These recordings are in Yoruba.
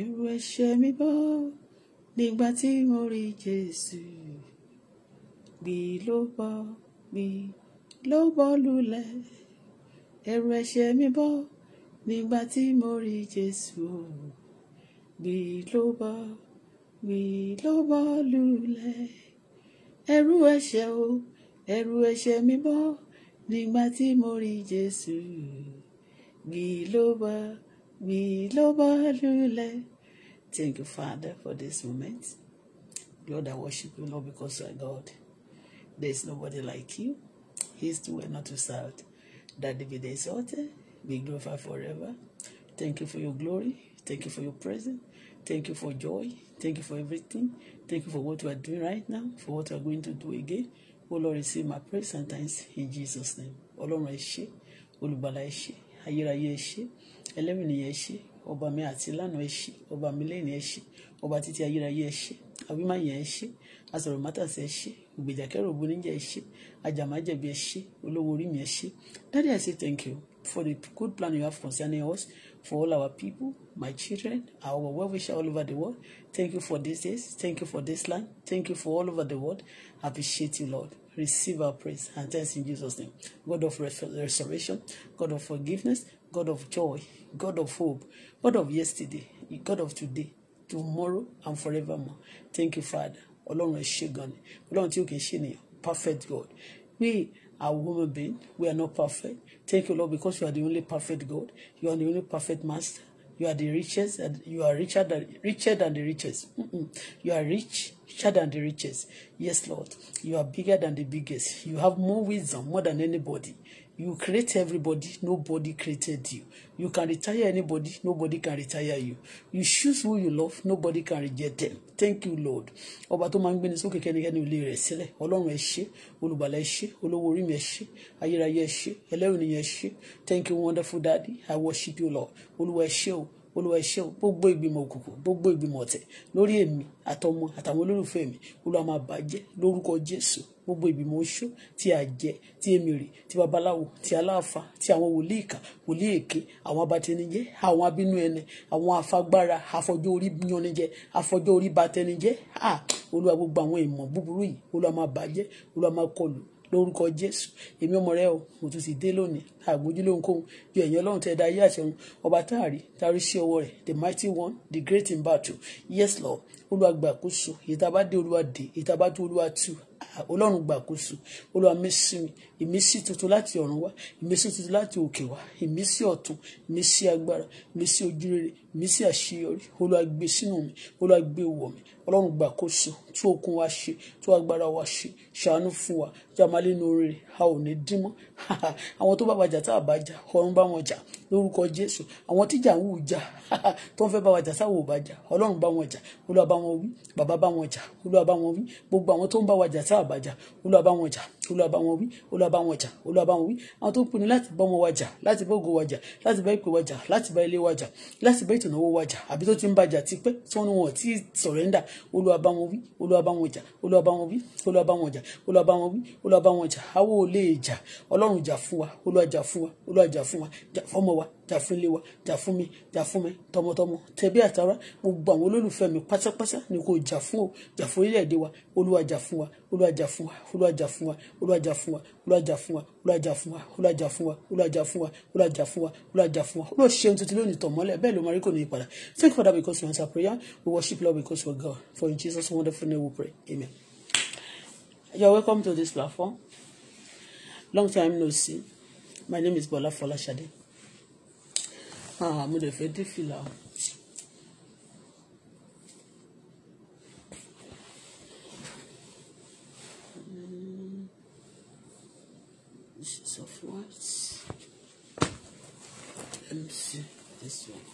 ẹ̀rù ẹ̀ṣẹ̀ mi bọ́ nígbà tí mo rí Jésù gbì ló bọ́ gbì ló bọ́ lulẹ̀ ẹ̀rù ẹ̀ṣẹ̀ mi bọ́ nígbà tí mo rí Jésù gbì ló bọ́ gbì ló bọ́ lulẹ̀ ẹ̀rù ẹ̀ṣẹ̀ o ẹ̀rù ẹ̀ṣẹ̀ mi bọ́ nígbà tí mo rí Jésù gbì ló bọ́ gbì ló bọ́ lulẹ̀. Thank you, Father, for this moment. Lord, I worship you, Lord, because you are God. There is nobody like you. His two and not to south. That be the exalted, be glorified forever. Thank you for your glory. Thank you for your presence. Thank you for joy. Thank you for everything. Thank you for what you are doing right now, for what you are going to do again. O Lord, receive my praise and thanks in Jesus' name. Ọlọ́run ẹ ṣé, olùgbàlà ẹ ṣé, ayérayé ẹ ṣé, ẹlẹ́mìnìyàn ẹ ṣé, ọba mi àti lánàá ẹ ṣé, ọba mi lẹ́yìn ẹ ṣé, ọba títí ayérayé ẹ ṣé, àwímáyàn ẹ ṣé, asọ̀rọ̀mátàsí ẹ ṣé, ògbèjàkẹ́rò oníjà ẹ ṣé, àjàmájẹ̀bi ẹ ṣé, olówó orí mi ẹ ṣé. Daddy, I say thank you for the good plan you have concerning us. for all our people, my children, our well wishers all over the world. Thank you for this days. Thank you for this land. Thank you for all over the world. I appreciate you, Lord. Receive our praise and thanks in Jesus' name. God of restoration, God of forgiveness, God of joy, God of hope, God of yesterday, God of today, tomorrow, and forevermore. Thank you, Father. Along with ṣé along with you can ó Perfect God. We are human being. We are not perfect. Thank you, Lord, because you are the only perfect God. You are the only perfect Master. You are the richest. And you are richer than richer than the richest. Mm-mm. You are rich, richer than the richest. Yes, Lord. You are bigger than the biggest. You have more wisdom, more than anybody. You create everybody, nobody created you. You can retire anybody, nobody can retire you. You choose who you love, nobody can reject them. Thank you, Lord. Ọba tó máa ń gbéni sókè kẹ́nikẹ́ni ò lè rẹ̀ sílẹ̀. Ọlọ́run ẹ ṣé, olùgbàlà ẹ ṣé, olówó orí mi ẹ ṣé, ayérayé ẹ ṣé, ẹlẹ́rìí nìyẹn ẹ ṣé. Thank you, wonderful daddy. I worship you, Lord. Olúwa ẹ ṣé o olúwa iṣẹ́ o gbogbo ìgbìmọ̀ òkùnkùn gbogbo ìgbìmọ̀ ọ̀tẹ̀ lórí èmi àtọmọ àtàwọn olólùfẹ́ mi olúwa máa bàjẹ́ lórúkọ jésù gbogbo ìgbìmọ̀ oṣù ti àjẹ́ ti emèrè ti babaláwo ti aláàfà ti àwọn wòlíì ìkà wòlíì èké àwọn abatẹnijẹ́ àwọn abínú ẹni àwọn afagbára afọjọ́ orí yanijẹ́ afọjọ́ orí batẹnijẹ́ à olúwa gbogbo àwọn ìmọ̀ búburú yìí olúwa máa bàjẹ́ olúwa máa kọlù lórúkọ jésù èmi ọmọ rẹ o mo tún ti dé lónìí àgbójúlé ohunkóhun ju ẹ̀yin ọlọ́run tẹ́ dá ayé àtẹ̀hún ọba táàrí táàrí sí ọwọ́ rẹ̀ the mighty one the great in battle yes lord olúwa ìtaba dé olúwa dé ìtaba tó olúwa tú ọlọ́run gbàkóso olúwa mísìmí ìmísí tuntun láti ọ̀run wá ìmísí tuntun láti òkè wá ìmísí ọ̀tun ìmísí agbára ìmísí ojúrere ìmísí àṣeyọrí olúwa gbé sínú mi olúwa gbé wọ̀ mi ọlọ́run gbàkóso tú okun wa ṣe tú agbára wa ṣe ṣàánú fún wa jámalé nu a ò ní dín mọ́ àwọn tó bá bàjẹ́ jà tá a bá jà ọ̀run bá wọn jà lórúkọ jésù àwọn tíjà ń wù jà tó ń fẹ́ bá wa jà sáwò bá jà ọlọ́run bá wọn jà olúwa bá wọn wí bàbá bá wọn jà olúwa bá wọn wí gbogbo àwọn tó ń bá wa jà tá bá jà olúwa bá wọn jà olúwa bá wọn wí olúwa bá wọn jà olúwa bá wọn wí àwọn tó ń pinnu láti bá wọn wájà láti bá ògo wájà láti bá ìpè wájà láti bá ilé wájà láti bá ètò ìnáwó wájà àbí tó ti ń bàjà ti pẹ́ tí wọ́n ní wọn ti sọ̀rẹ́ndà olúwa bá wọn wí olúwa wọn jà olúwa wọn wí olúwa wọn jà olúwa wọn wí olúwa wọn jà àwọ̀ lè jà ọlọ́run jà fún wa olúwa fún wa olúwa fún wa jà wa jà fún ilé mi jà fún mi tọmọtọmọ tẹbí àtàrà gbogbo àwọn olólùfẹ́ mi pátápátá ni kò jà fún o jà fún orílẹ̀-èdè wa olúwa jà fún wa olúwa jà fún wa olúwa jà fún wa olúwa jà fún wa olúwa jà fún wa olúwa jà fún wa olúwa jà fún wa olúwa jà fún wa olúwa jà fún wa olúwa jà fún wa olúwa ṣe ohun tuntun lónìí tọ̀ bẹ́ẹ̀ ló máa kò ní ìpadà thank you that because you answer prayer we worship lord because you are God for in Jesus wonderful name we pray amen. you are welcome to this platform long time no see my name is Bola Folashade. Ah, mo lè fẹ́ dé fìlà o. This is of what? Let me see this one.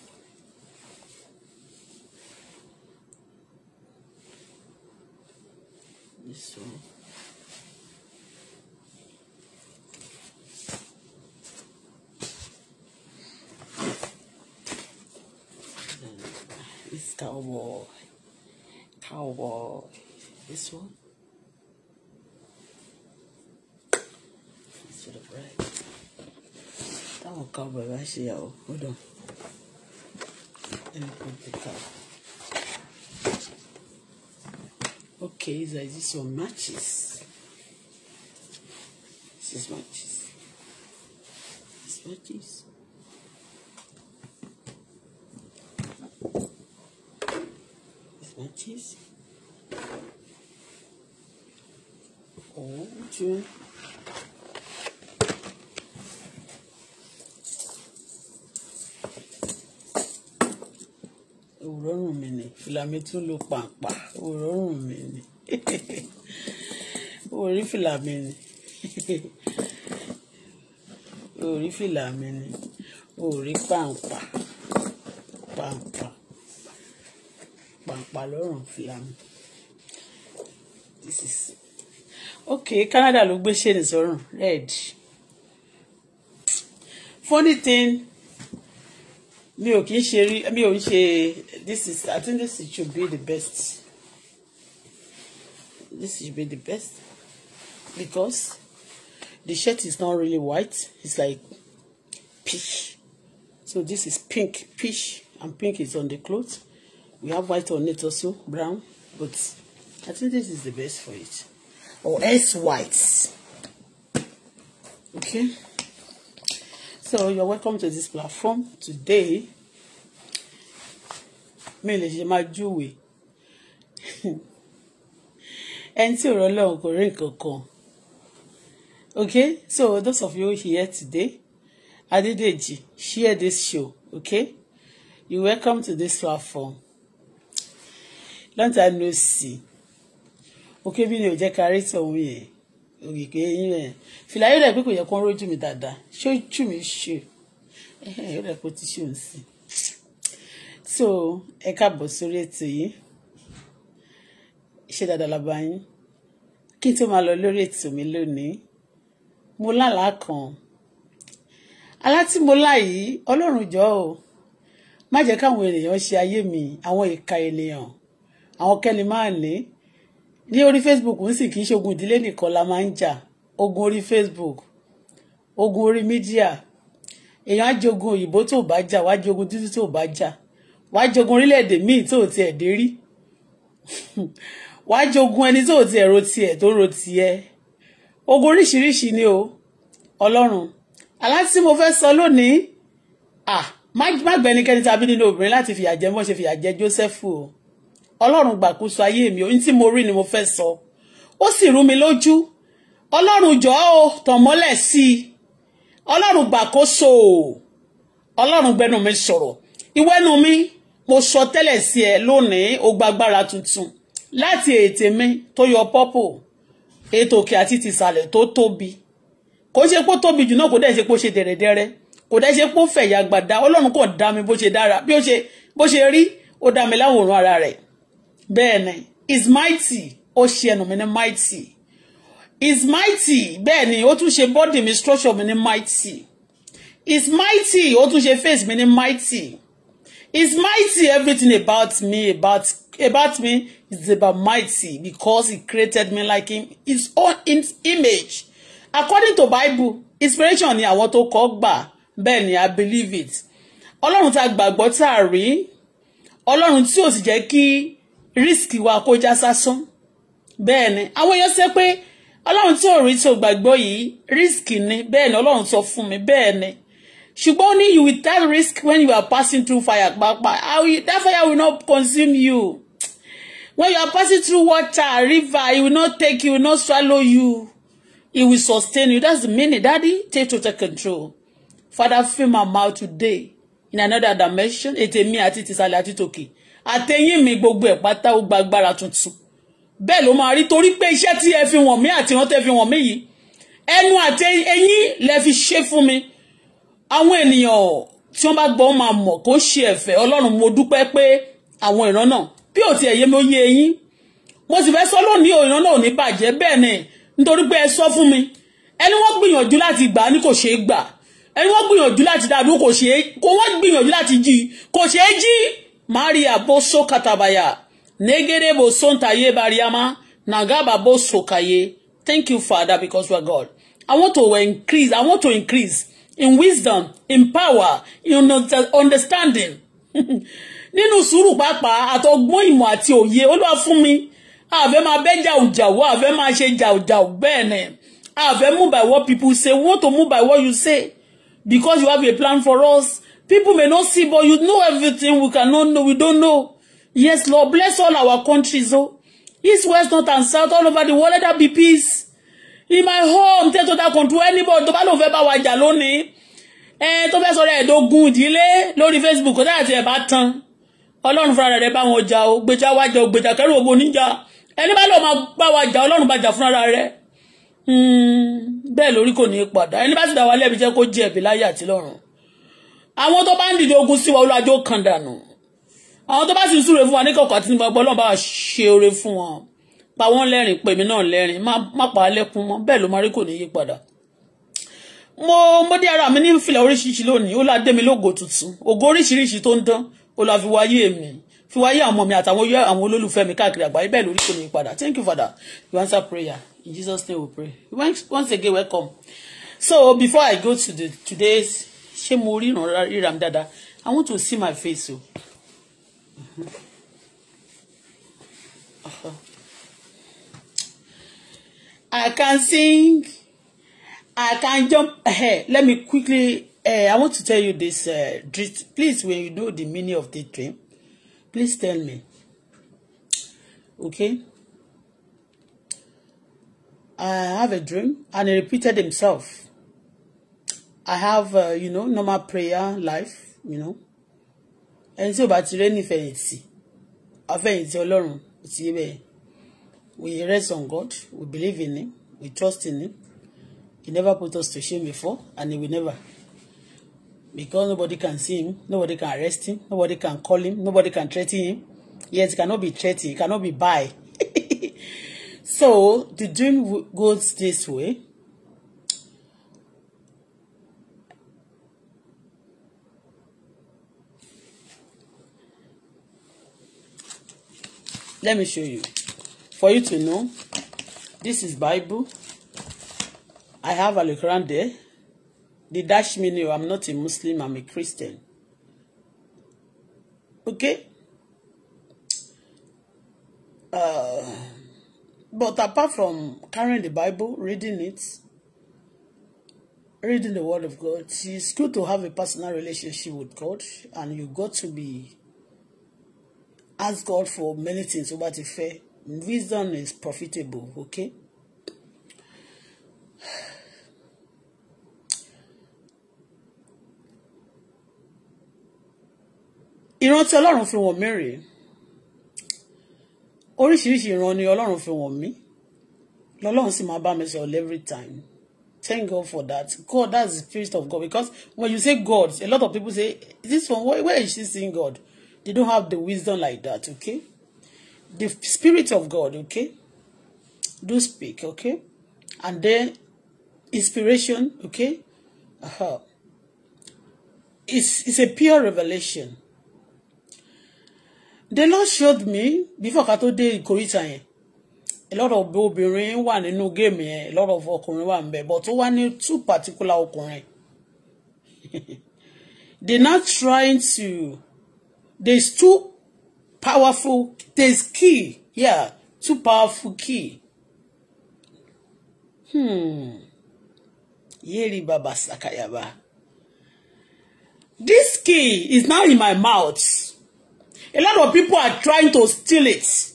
This one. It's for the bread. That one can't right here. Hold on. Let me put the cup. Okay, so this one matches? This is matches. This matches. This matches. ìṣẹ́jú. òrórùn mi ni fìlà mi tún lo pàǹpà òrórùn mi ni orí fìlà mi ni orí is okay Canada ló gbé ṣèlè sọ́rùn red funny thing mi ò kì í ṣe rí mi ò ń ṣe this is I think this should be the best this should be the best because the shirt is not really white it's like peach so this is pink peach and pink is on the cloth we have white on it also brown but I think this is the best for it or else whites. Okay. So you're welcome to this platform today. Mi lè ṣe máa júwe. Ẹni tí ọ̀rọ̀ Ọlọ́run kò Okay, so those of you here today, Adedeji, share this show, okay? You're welcome to this platform. Long time no see òkè bí ni ò jẹ́ ká rí ti òun yẹn ògìgè yín rẹ̀ fìlà yóò rẹ̀ pé kò yẹ kó rójú mi dáadáa ṣé ó jù mí ṣe yóò rẹ̀ pé ti ṣe òun sí so ẹ káàbọ̀ sórí ètò yìí ṣe dáadáa lábá yín kí n tó máa lọ lórí ètò mi lónìí mo lálàá kan alátí mo láyìí ọlọ́run jọ̀ọ́ o má jẹ́ káwọn ènìyàn ṣe ayé mi àwọn ìka ènìyàn àwọn kẹ́ni máa ní ní orí Facebook ń sì kì í ṣogun ìdílé nìkan la máa ń jà ogun orí Facebook ogun orí mídíà èèyàn á jogun òyìnbó tó bá jà wá jogun dúdú tó bá jà wá jogun orílẹ̀-èdè míì tó tiẹ̀ dé rí wá jogun ẹni tó tiẹ̀ ro tiẹ̀ tó ro tiẹ̀ ogun oríṣiríṣi ni o ọlọ́run aláǹtí mo fẹ́ sọ lónìí à má gbẹ́nikẹ́ni tàbí nínú obìnrin láti fìyà jẹ mọ́ ṣe fìyà jẹ Jósẹ́fù o ọlọ́run gbàkóso ayé mi ohun tí mo rí ni mo fẹ́ sọ ó sì rú mi lójú ọlọ́run jọ̀ọ́ o tàn mọ́lẹ̀ sí i ọlọ́run gbàkóso ọlọ́run gbẹnu mi sọ̀rọ̀ ìwẹ́nu mi mo sọ tẹ́lẹ̀ sí ẹ lónìí ó gbàgbára tuntun láti ètè mi tó yọ pọ́pọ̀ ètò òkè àti tìsàlẹ̀ tó tóbi kò ṣe pé ó tóbi jù náà kò dẹ̀ ṣe pé ó ṣe dẹ̀rẹ̀dẹ̀rẹ̀ kò dẹ̀ ṣe pé ó fẹ̀yà gbàdá ọlọ́run kò dá mi bó ṣe dára bí ó ṣe bó ṣe rí ó dá mi láwòrán ara rẹ̀ bẹ́ẹ̀ni is mighty ó ṣe ẹnu mi ní mighty is mighty bẹ́ẹ̀ni ó tún ṣe body mi structure mi ní mighty is mighty ó tún ṣe face mi ní mighty is mighty everything about me about about me is about mighty because he created me like him his own image according to Bible inspiration ni àwọn tó kọ́ gbà bẹ́ẹ̀ i believe it ọlọ́run tá a gbàgbọ́ tá a rí ọlọ́run tí ò sì jẹ́ kí risk wa kó já sásán bẹ́ẹ̀ ni àwọn èèyàn ṣe pé ọlọ́run tí ò rí tí ò gbàgbọ́ yìí risk ni bẹ́ẹ̀ ni ọlọ́run sọ fún mi bẹ́ẹ̀ ni ṣùgbọ́n ní you will take risk when you are passing through fire pàápàá that fire will not consume you when you are passing through water river it will not take you it will not swallow you it will sustain you that's the meaning daddy take total control father fill my mouth today in another dimension ètè mi àti tìsàlẹ̀ àti tòkè àtẹ̀yìn mi gbogbo ẹ̀ pátá ó gba agbára tuntun bẹ́ẹ̀ ló máa rí torí pé iṣẹ́ tí ẹ fi wọ̀n mí àti ìrántẹ́ fi wọ̀n mí yìí ẹnu àti ẹ̀yìn lẹ fi ṣe fún mi àwọn ènìyàn tí wọ́n bá gbọ́ wọn máa mọ̀ kó ṣe ẹ̀fẹ̀ ọlọ́run mo dúpẹ́ pé àwọn ìran náà bí ò ti ẹ̀yẹ mi ó yé eyín mo sì fẹ́ sọ lónìí ìran náà ò ní bàjẹ́ bẹ́ẹ̀ ni nítorí pé ẹ sọ fún mi ẹni wọ́n gbìyànjú láti gbà á ní kò ṣeé gbà ẹni wọ́n gbìyànjú láti dàbí kò ṣeé kò wọ́n gbìyànjú láti jí kò ṣeé jí maria boso katabaya negere bosonta ye bariama nagaba boso kaye thank you father because you are god i want to increase i want to increase in wisdom in power in understanding nínú sùúrù pàápàá àtọgbọ́n ìmọ̀ àti òye olúwa fún mi àfẹ́ máa bẹ́ jàùjàwọ́ àfẹ́ máa ṣe jàùjàù bẹ́ẹ̀ ni àfẹ́ move by what people say we to move by what you say because you have a plan for us People may not see, but you know everything. We cannot know. We don't know. Yes, Lord, bless all our countries, oh. East, West, North, and South, all over the world, let there be peace. In my home, tell tó dá control anybody tó bá lóun fẹ́ bá wa jà sorry. Ẹ don't fẹ́ sọ̀rọ̀ ẹ̀ẹ́dógún ìdílé lórí Facebook kó dáhà tí ẹ bá tán. Ọlọ́run fúnra rẹ̀ bá wọn jà o, gbèjà wa jà o, gbèjà kẹ́rù ògbó níjà. Ẹni bá lọ máa bá wa jà, Ọlọ́run bá jà fúnra rẹ̀. Hmm, bẹ́ẹ̀ lórí kò ní í padà. Ẹni bá sì dá wa lẹ́bi jẹ́ kó jẹ̀bi láyé àti lọ́run àwọn tó bá ń dìde ogun sí wa olùwàjò kan dànù àwọn tó bá sì ń súre fún wa ní kọ̀ọ̀kan àti nígbà ọlọ́run bá ṣe oore fún wọn pa wọ́n lẹ́rìn pè mí náà lẹ́rìn má pa á lẹ́kún mọ́ bẹ́ẹ̀ ló máa rí kò ní yí padà mo mo dé ara mi ní fìlà oríṣiríṣi lónìí ó láà dé mi lógo tuntun ògo oríṣiríṣi tó ń dán ó láà fi wáyé èmi fi wáyé àwọn mi àtàwọn yọ àwọn olólùfẹ́ mi káàkiri àgbáyé bẹ́ẹ̀ lórí kò ní padà thank you father you answer prayer in Jesus name we pray once again welcome so before I go to the today's ṣé mo ríran ríra mi dáadáa I want to see my face o. Oh. Uh-huh. I can sing I can jump hey, let me quickly uh, I want to tell you this uh, please when you know the meaning of the dream please tell me okay. I have a dream and he repeated himself I have, uh, you know, normal prayer life, you know. Ẹni tí ò bá ti rẹ́ nífẹ̀yìntì, afẹ̀yìntì Ọlọ́run ti yé bẹ́ẹ̀. We rest on God, we believe in Him, we trust in Him. He never put us to shame before, and He will never. Because nobody can see Him, nobody can arrest Him, nobody can call Him, nobody can threaten Him. Yes, He cannot be threatened, He cannot be by. So the dream goes this way. let me show you for you to know this is Bible I have a quran there the dash me I'm not a Muslim I'm a Christian okay uh, but apart from carrying the Bible reading it reading the Word of God it's good to have a personal relationship with God and you got to be ask God for many things tó bá ti fẹ́ wisdom is profitable okay. ìrántí ọlọ́run fi wọ̀n mí rèé oríṣiríṣi ìran ni ọlọ́run fi wọ̀n mí lọ́lọ́run sì máa bá mi sọ every time thank God for that God that's the spirit of God because when you say God a lot of people say this one where, where is she seeing God? They don't have the wisdom like that, okay? The Spirit of God, okay? Do speak, okay? And then inspiration, okay? Uh-huh. It's, it's a pure revelation. The Lord showed me before ká tó dé ìkórìtà yẹn a lot of obìnrin one, nínú géèmù yẹn a lot of ọkùnrin one, but one wá two particular ọkùnrin they not trying to There's two powerful, there's key. Yeah, two powerful key. Hmm. Yeri Baba Sakayaba. This key is now in my mouth. A lot of people are trying to steal it.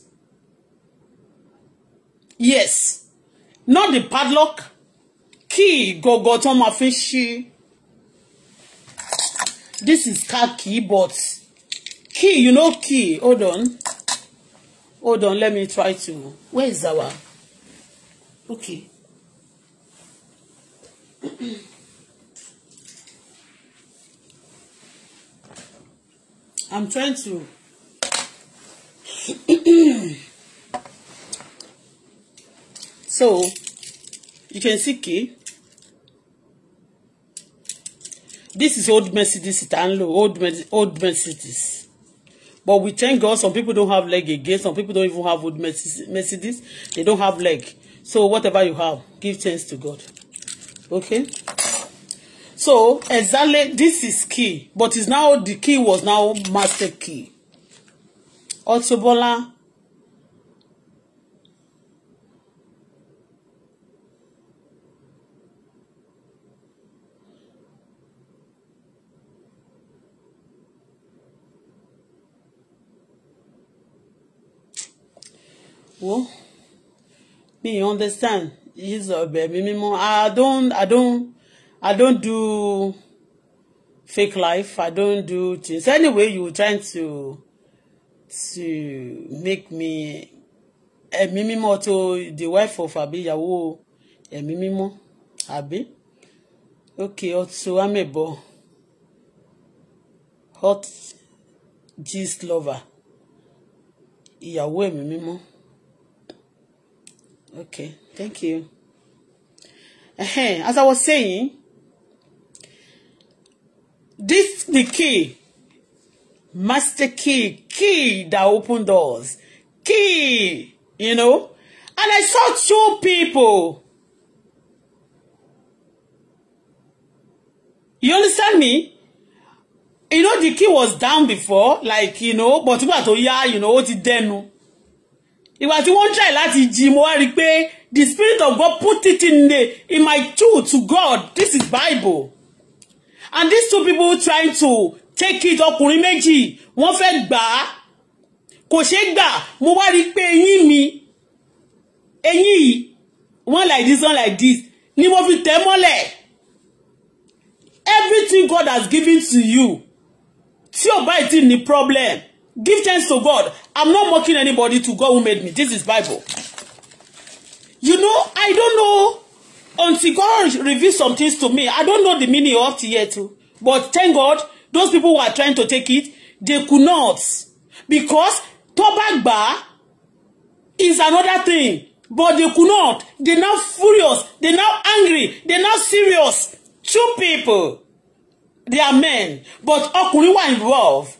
Yes. Not the padlock. Key go go to my fishy. This is car key, but key you know key hold on hold on let me try to where is our okay I'm trying to so you can see key this is old Mercedes old Mercedes But we thank God some people don't have leg again. Some people don't even have old Mercedes. They don't have leg. So whatever you have, give thanks to God. Okay? So exactly this is key. But is now the key was now master key. Auto wo me understand Is ọbẹ̀ mi mímọ́ i don i don i don do fake life i don do things anyway you trying to to make me ẹ̀mí eh, mímọ́ to the wife of àbí ìyàwó ẹ̀mí eh, mímọ́ Abi? okay ọtún amẹ̀bọ hot gist lover ìyàwó ẹ̀mí eh, mímọ́. Okay, thank you. As I was saying, this the key, master key, key that open doors, key, you know. And I saw two people. You understand me? You know the key was down before, like you know, but what? tó yeah, you know, ó ti dẹnu ìgbà tí wọ́n try láti jí mo wá rí i pé the spirit of God put it in the in my truth to God this is Bible and these two people trying to take it ọkùnrin méjì wọ́n fẹ́ gbà á kò ṣeé gbà mo wá rí i pé eyín mi eyín yìí one like this one like this ni mo fi tẹ̀ mọ́lẹ̀ everything God has given to you tí ò báyìí ti ní problem Give thanks to God. I'm not mocking anybody to God who made me. This is Bible. You know, I don't know until God reveals some things to me. I don't know the meaning of it yet. But thank God, those people who are trying to take it, they could not. Because Tobagba is another thing. But they could not. They now furious. They now angry. They now serious. Two people. They are men. But Okuni were involve?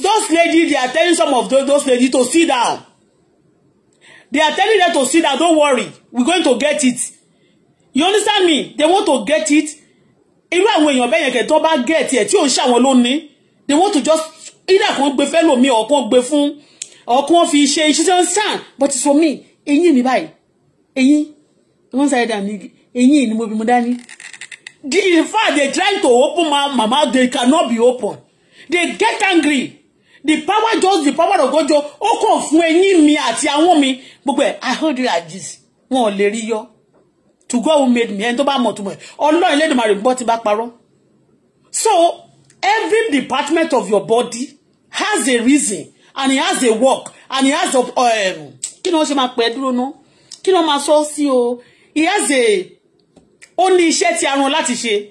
Those ladies, they are telling some of those, those ladies to sit down. They are telling them to sit down. Don't worry. We're going to get it. You understand me? They want to get it. Even when èèyàn bẹ́ẹ̀ yẹn kẹ̀ tó bá get ẹ̀ tí ò ń ṣàwọn They want to just either kàn be fellow me or kàn be fun or kàn fi ṣe iṣẹ́ understand, But it's for me. Any mi buy? Any? One side and eyín ni mo bí mo dání. The fact they trying to open my mouth. they cannot be open they get angry the power just the power of God jọ ó kàn fún ẹ̀yin mi àti àwọn mi gbogbo I hold you at this wọn ò lè rí to God who made me ẹni tó bá mọ̀ tó mọ̀ ọlọ́run lẹ́dùnmarè gbọ́ ti bá parọ́ so every department of your body has a reason and it has a work and it has a um. ni wọ́n ṣe máa pẹ́ dúró ná kí ni wọ́n máa sọ o it has a only ní iṣẹ́ tí a rán láti ṣe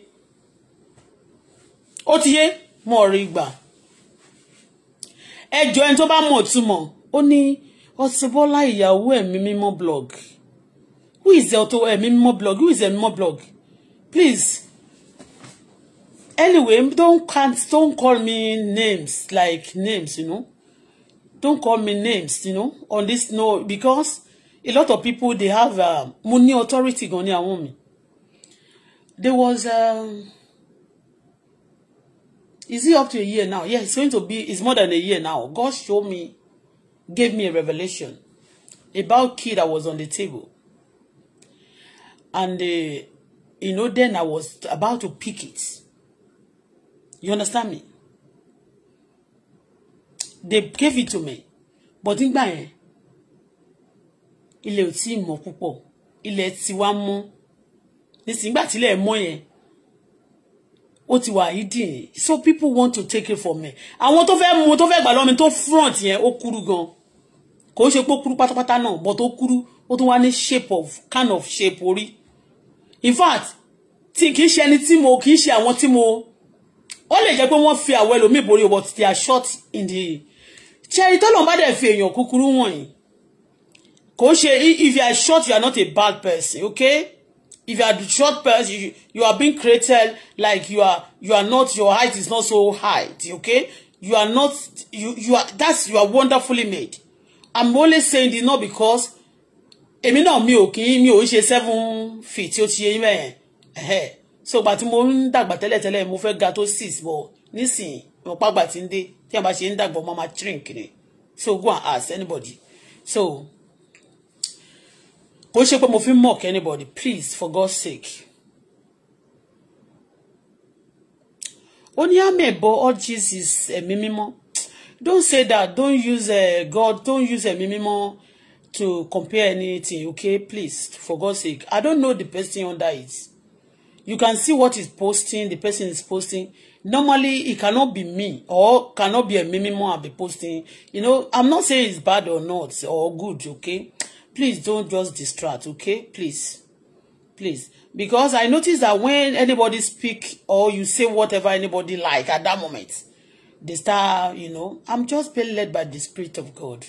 ti yé mọ́ rí gbà ẹjọ́ ẹni tó bá mọ̀ túmọ̀ ó ní Ọtíbọ́lá ìyàwó ẹ̀mí mímọ́ blog who is the Auto ẹ̀mí mímọ́ blog who is the ẹ̀mí blog please anyway don't can't don't call me names like names you know don't call me names you know on this no because a lot of people they have uh, mo authority gan ní àwọn mi there was. Uh, Is it up to a year now? Yeah, it's going to be, it's more than a year now. God showed me, gave me a revelation about key that was on the table. And, uh, you know, then I was about to pick it. You understand me? They gave it to me. But nígbà yẹn, ilẹ̀ ò tí ì mọ́ púpọ̀. Ilẹ̀ ti wá mọ́. Nísìnyí, nígbà tílẹ̀ mọ́ yẹn, ó ti wà hidden so people want to take it from me àwọn tó fẹ́ mu tó fẹ́ gbà lọ́mi tó front yẹn ó kúrú gan kò ṣe pé ó kúrú pátápátá náà but ó kúrú ó tún wá ní shape of kind of shape orí in fact tí kì í ṣe ẹni tí mo kì í ṣe àwọn tí mo ó lè jẹ́ pé wọ́n fi àwọ̀ ẹlòmíì borí but they are short in the cherry tọ́lọ̀ bá dẹ̀ fi èèyàn kúkúrú wọ̀nyí kò ṣe if you are short you are not a bad person okay if you are the short person you, you are being created like you are you are not your height is not so high okay you are not you you are that's you are wonderfully made i'm only saying this not because èmi náà mi ò kí mi ò ń ṣe seven feet tí ó ti yẹ yín ẹ̀hẹ́ so ìgbà tí mo ń dàgbà tẹ́lẹ̀tẹ́lẹ̀ mo fẹ́ ga tó six bọ̀ nísìnyí mo pàgbà tí ń dé tí a bá ṣe ń dàgbà ọmọ máa shrink ni so go and ask anybody so kò ṣe pé mo fi mock anybody please for God's sake. ó ní àmẹ̀bọ all oh Jesus ẹ̀mí mímọ́ don't say that don't use uh, God don't use ẹ̀mí mímọ́ to compare anything okay please for God's sake I don't know the person under it you can see what is posting the person is posting normally it cannot be me or cannot be ẹ̀mí mímọ́ I be posting you know I'm not saying it's bad or not or good okay please don't just distract okay please please because I notice that when anybody speak or you say whatever anybody like at that moment they start you know I'm just being led by the spirit of God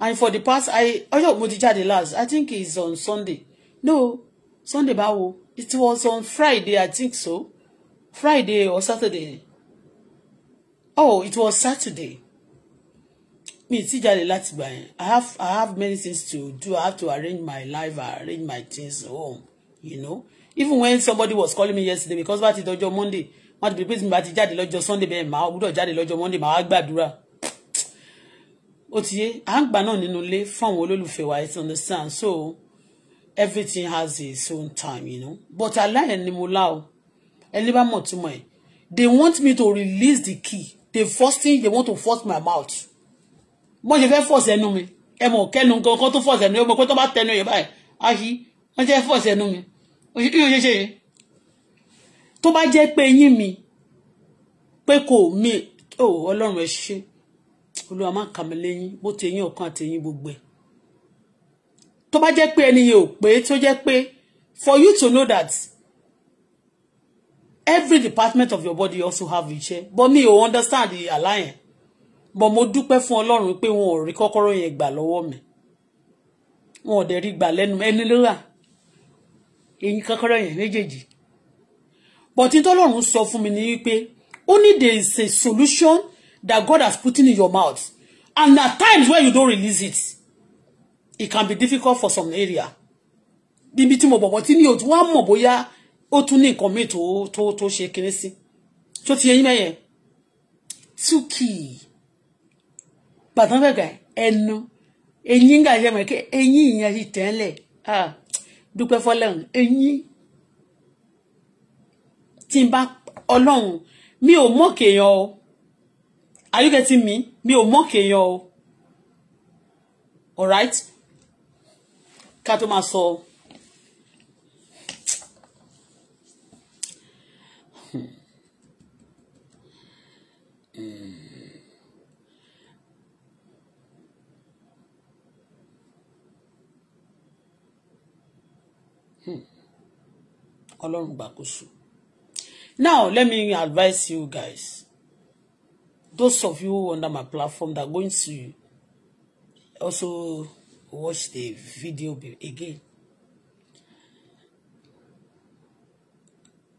and for the past I ọjọ́ oh, mo ti the last I think it's on Sunday no Sunday báwo it was on Friday I think so Friday or Saturday oh it was Saturday Me, ti jáde láti gbà yẹn i have i have many things to do i have to arrange my life i arrange my things at home you know even when somebody was calling me yesterday because bá ti dọjọ́ monday wọn ti pèsè mi bá ti jáde lọ́jọ́ sunday bẹ́ẹ̀ màá gbúdọ̀ jáde lọ́jọ́ monday màá gbàdúrà ó ti yé à ń gbà náà nínú ilé fún àwọn olólùfẹ́ wa you understand so everything has its own time you know but aláì ẹni mo lá o ẹni bá mọ̀ túmọ̀ ẹ̀ they want me to release the key they forcing they want to force my mouth wọ́n ṣe fẹ́ fọ̀ọ̀sì ẹnu mi ẹ mọ̀ kẹ́nu kankan tó fọ̀ọ̀sì ẹnu mi pé tó bá tẹnu yẹn báyìí ahi wọ́n ṣe fọ̀ọ̀sì ẹnu mi yóò ṣe ṣe yẹn tó bá jẹ́ pé yín mi pé kò mí ò ọlọ́run ẹ ṣe olúwa má kà mí lẹ́yìn bó ti eyín ọ̀kan àti eyín gbogbo ẹ̀ tó bá jẹ́ pé ẹni yẹn ò pé tó for you to know that every department of your body also have a iṣẹ́ but me ò understand the alliance bọ̀ mo dúpẹ́ fún ọlọ́run pé wọn ò rí kọ́kọ́rọ́ yẹn gbà lọ́wọ́ mi wọn ò dẹ̀ rí gbà lẹ́nu ẹni ló rà kọ́kọ́rọ́ yẹn méjèèjì but tí tọ́lọ́run sọ fún mi ni wípé only there is a solution that God has put in your mouth and at times when you don't release it it can be difficult for some area níbi tí mo bọ̀bọ̀ tí ní òtún wá mọ̀ bóyá ó tún ní nǹkan míì tó tó tó ṣe kéré sí tó ti yẹ yín mẹ́yẹn túkìí pàtàn fẹ̀gà ẹnu eyín gà jẹ́ mọ̀ kí eyín ìyẹn ti tẹ̀ ẹ́ lẹ̀ dúpẹ́ fọlọ́run eyín tí n bá ọlọ́run mi ò mọ̀ kéèyàn o are you getting me mi ò mọ̀ kéèyàn o alright ká tó máa sọ. So, ọlọ́run gbàkóso now let me advise you guys those of you under my platform that going to also watch the video again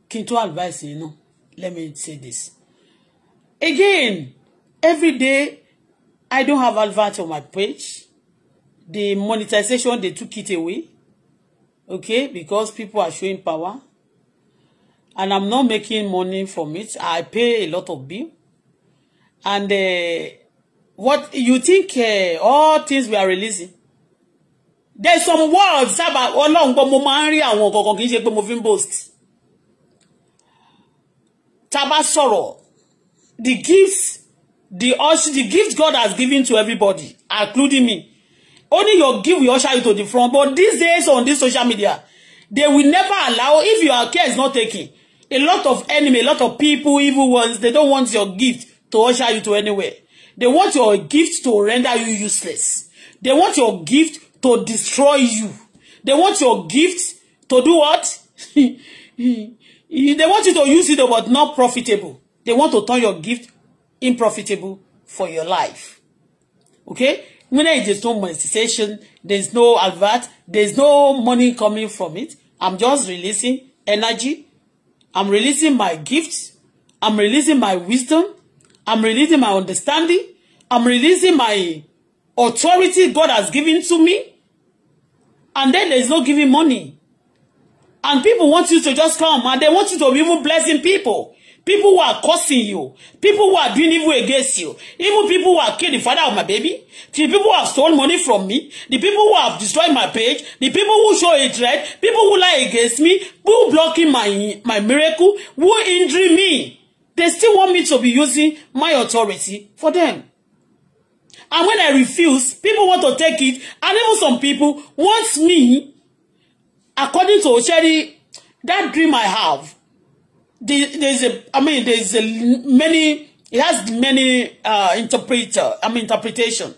kí to advise you know. let me say this again every day I don't have advert on my page. The monetization, they took it away. Okay, because people are showing power and I'm not making money from it. I pay a lot of bill. And uh, what you think uh, all things we are releasing. There's some words about Ọlọ́run pé mo máa ń rí àwọn kankan kì í mo fi boast. Tá bá the gifts the us, the gift God has given to everybody including me. Only your gift will usher you to the front but these days on this social media they will never allow if your care is not taken A lot of enemy, a lot of people, evil ones, they don't want your gift to usher you to anywhere. They want your gift to render you useless. They want your gift to destroy you. They want your gift to do what? they want you to use it but not profitable. They want to turn your gift unprofitable for your life. Okay? When there is no monetization, there's no advert, there's no money coming from it. I'm just releasing energy I'm releasing my gifts. I'm releasing my wisdom. I'm releasing my understanding. I'm releasing my authority God has given to me. And then there's no giving money. And people want you to just come and they want you to be even blessing people. People who are cursing you. People who are doing evil against you. Even people who are killing the father of my baby. The people who have stolen money from me. The people who have destroyed my page. The people who show hatred. People who lie against me. Who blocking my, my miracle. Who injure me. They still want me to be using my authority for them. And when I refuse, people want to take it. And even some people want me, according to Sherry, that dream I have, there's a I mean there's a many it has many uh interpreter I mean interpretation.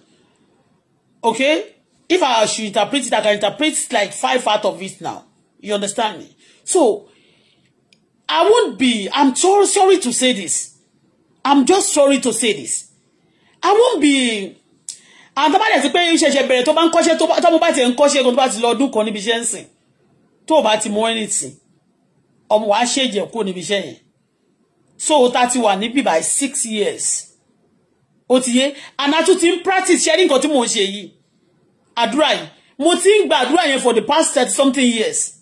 Okay? If I should interpret it, I can interpret like five out of it now. You understand me? So I won't be I'm so sorry to say this. I'm just sorry to say this. I won't be àwọn tó dẹ̀ sí pé ṣẹ̀ṣẹ̀ bẹ̀rẹ̀ tó bá ń kọ́ṣẹ́ tó bá ti ń kọ́ṣẹ́ tó bá ti lọ ọdún kan níbi iṣẹ́ ń sìn tó bá ti mọ anything ọmọ wa ṣèjẹ kó níbi iṣẹ́ yẹn so o ta ti wà níbí by six years o ti yé anatu ti ń practice ṣe ní nǹkan tí mò ń ṣe yìí àdúrà yìí mo ti ń gba àdúrà yẹn for the past thirty something years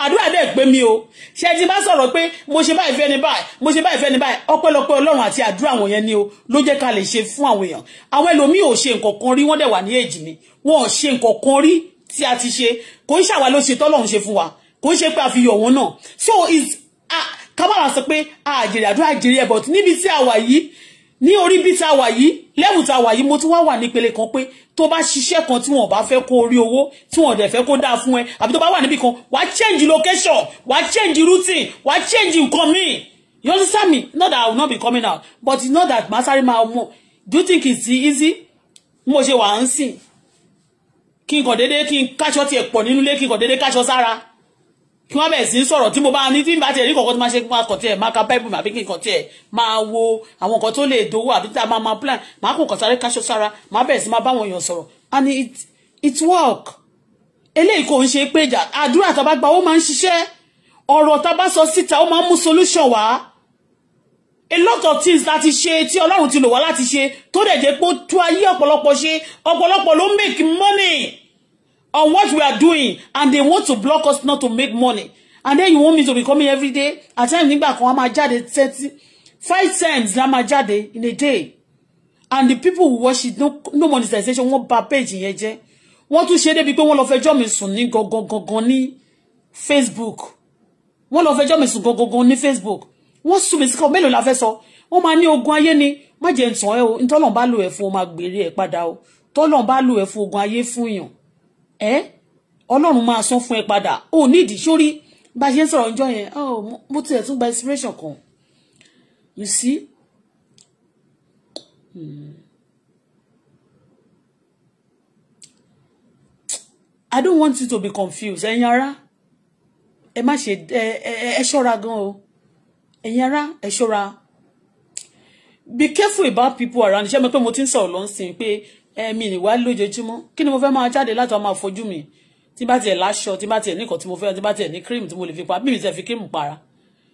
àdúrà dẹ̀ gbé mi o ṣe ti bá sọ̀rọ̀ pé mo ṣe báyìí fẹ́ni báyìí mo ṣe báyìí fẹ́ni báyìí ọpẹ́lọpẹ́ ọlọ́run àti àdúrà àwọn yẹn ni o ló jẹ́ ká lè ṣe fún àwọn èèyàn àwọn ẹlòmíì ò ṣe nǹkan kan rí wọ́n dẹ̀ wà ní èjì mi wọn ò ṣe nǹkan kan rí tí a ti ṣe kò ń ṣàwa ló ṣe tọ́lọ́run ṣe fún wa kò ń ṣe pé a fi yọ̀ wọ́n náà so is kámàrà sọ pé àjèrè àdúrà àjèrè ẹ̀ but níbi tí a wà yìí ní orí bí ta wà yìí lẹ́wù ta wà yìí mo tún wá wà nípele kan pé tó bá ṣiṣẹ́ kan tí wọ́n bá fẹ́ kó rí owó tí wọ́n dẹ̀ fẹ́ kó dáa fún ẹ àbí tó bá wà níbì kan wà change location wà change routine wà change nǹkan míì you understand me not that I will not be coming out but it's not that masari ma ọmọ do you think it's easy mo ṣe wà á ń sìn kí n kàn déédéé kí n káṣọ tiẹ̀ pọ̀ nínú ilé kí n kàn déédéé káṣọ sára kí wọ́n bẹ̀rẹ̀ sí í sọ̀rọ̀ tí mo bá ní tí n bá tiẹ̀ rí kọ̀ọ̀kan tí máa ṣe máa kàn tiẹ̀ máa ka bible àbí kí n kàn tiẹ̀ máa wo àwọn nǹkan tó lè dowó àbí tá a máa máa plan máa kò kàn sáré káṣọ sára máa bẹ̀rẹ̀ sí máa bá àwọn èèyàn sọ̀rọ̀ and it it work eléyìí kò ń ṣe pé àdúrà tá a bá gba ó máa ń ṣiṣẹ́ ọ̀rọ̀ tá a bá sọ síta ó máa ń mú solution wá a lot of things láti ṣe tí ọlọ́run ti lò wá láti ṣe tó dẹ̀ jẹ́ pé ó tú ayé ọ̀pọ̀lọpọ̀ ṣe ọ̀pọ̀lọpọ̀ ló make money on what we are doing and they want to block us not to make money and then you want me to be coming every day at times nígbà kan a máa jáde thirty five times la máa jáde in a day and the people who watch it no no monetization wọ́n bà page yẹn jẹ́ wọ́n tún ṣe débi pé wọ́n lọ fẹjọ́ mi sùn ní gangan gangan facebook wọ́n lọ fẹjọ́ mi sùn gangan gangan ní facebook wọ́n sùn mí síkọ̀ mélòó la fẹ́ so. wọ́n máa ní ogun ayé ni má jẹ́ ntàn ẹ o ntọ́lọ́n bá lò ẹ̀ fún o máa gbèrè ẹ̀ padà o tọ́lọ́n bá lò ẹ̀ fún ogun ayé fún yàn ẹ́ ọlọ́run máa san fún ẹ padà ò nídìí sórí bá a ṣe ń sọ̀rọ̀ ọjọ́ yẹn mo tiẹ̀ tún gba inspiration kan you see. Hmm. I don't want you to be confused ẹ̀yin ará ẹ má ṣe ẹ ṣọ́ra gan o ẹ̀yin ará ẹ ṣọ́ra be careful about people around ṣé mo pé mo ti ń sọ̀rọ̀ lọ́nsìn pé ẹ̀mí ìwà lójoojúmọ́ kí ni mo fẹ́ máa jáde láti máa fojú mi tí bá tiẹ̀ láṣọ tí bá tiẹ̀ ní nǹkan tí mo fẹ́ tí bá tiẹ̀ ní cream tí mo lè fi pa bíi mi fi cream para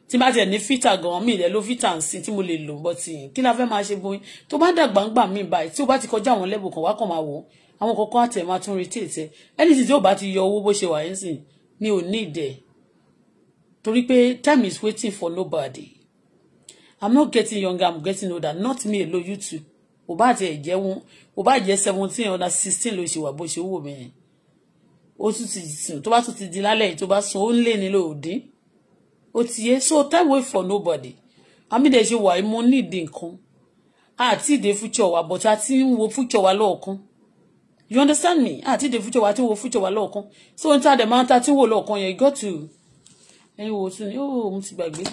tí bá tiẹ̀ ní fìtà gan mi ìlẹ̀ ló fìtà ń sin tí mo lè lò bọ́ ti eh, kí la fẹ́ máa ṣe bóyin tó bá dàgbà ń gbà mí báyìí tí o bá ti kọjá àwọn lẹ́bù kan wá kàn máa wò àwọn kọ̀ọ̀kan àtẹ̀ máa tún retí ètẹ̀ ẹni tí tí bá ti yọ owó bó ṣe wà yín sìn mi ò ní ìdẹ̀ torí pé time is waiting for nobody i'm not getting younger i'm getting older not me alone you too kò bá àti ẹ̀jẹ̀ wọn kò bá jẹ́ seventeen ọ̀nà sixteen ló ṣe wà bó ṣe wò mí yẹn ó tún ti sùn tó bá tún ti di lálẹ́ yìí tó bá sùn ó ń lé ní lòdì ó ti yé so time wait for nobody amídẹ̀ ṣe wà mo ní nǹkan àti ìdè future wa but a ti ń wo future wa lọ́ọ̀kan you understand me àti ìdè future wa ti ń wo future wa lọ́ọ̀kan so n ta dẹ̀ máa ń ta ti ń wo lọ́ọ̀kan yẹn got to ẹni wo tún ni ó oh, mo ti gbàgbé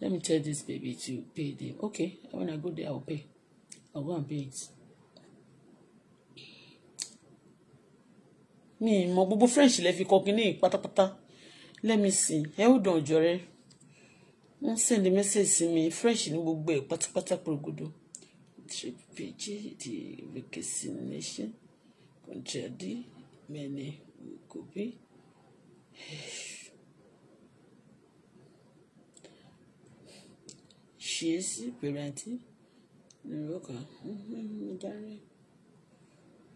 let me tell this baby to pay them okay when I go there I will pay. I'll go and pay it. mi mọ gbogbo French lẹ fi kọ Pata pata. let me see ẹ ó dàn jọrẹ wọ́n send message to me French ní gbogbo ẹ̀ pátápátá porogodo page the vaccination contradi many copy. ṣíṣí pẹ̀lú àti nìrókà mo dárí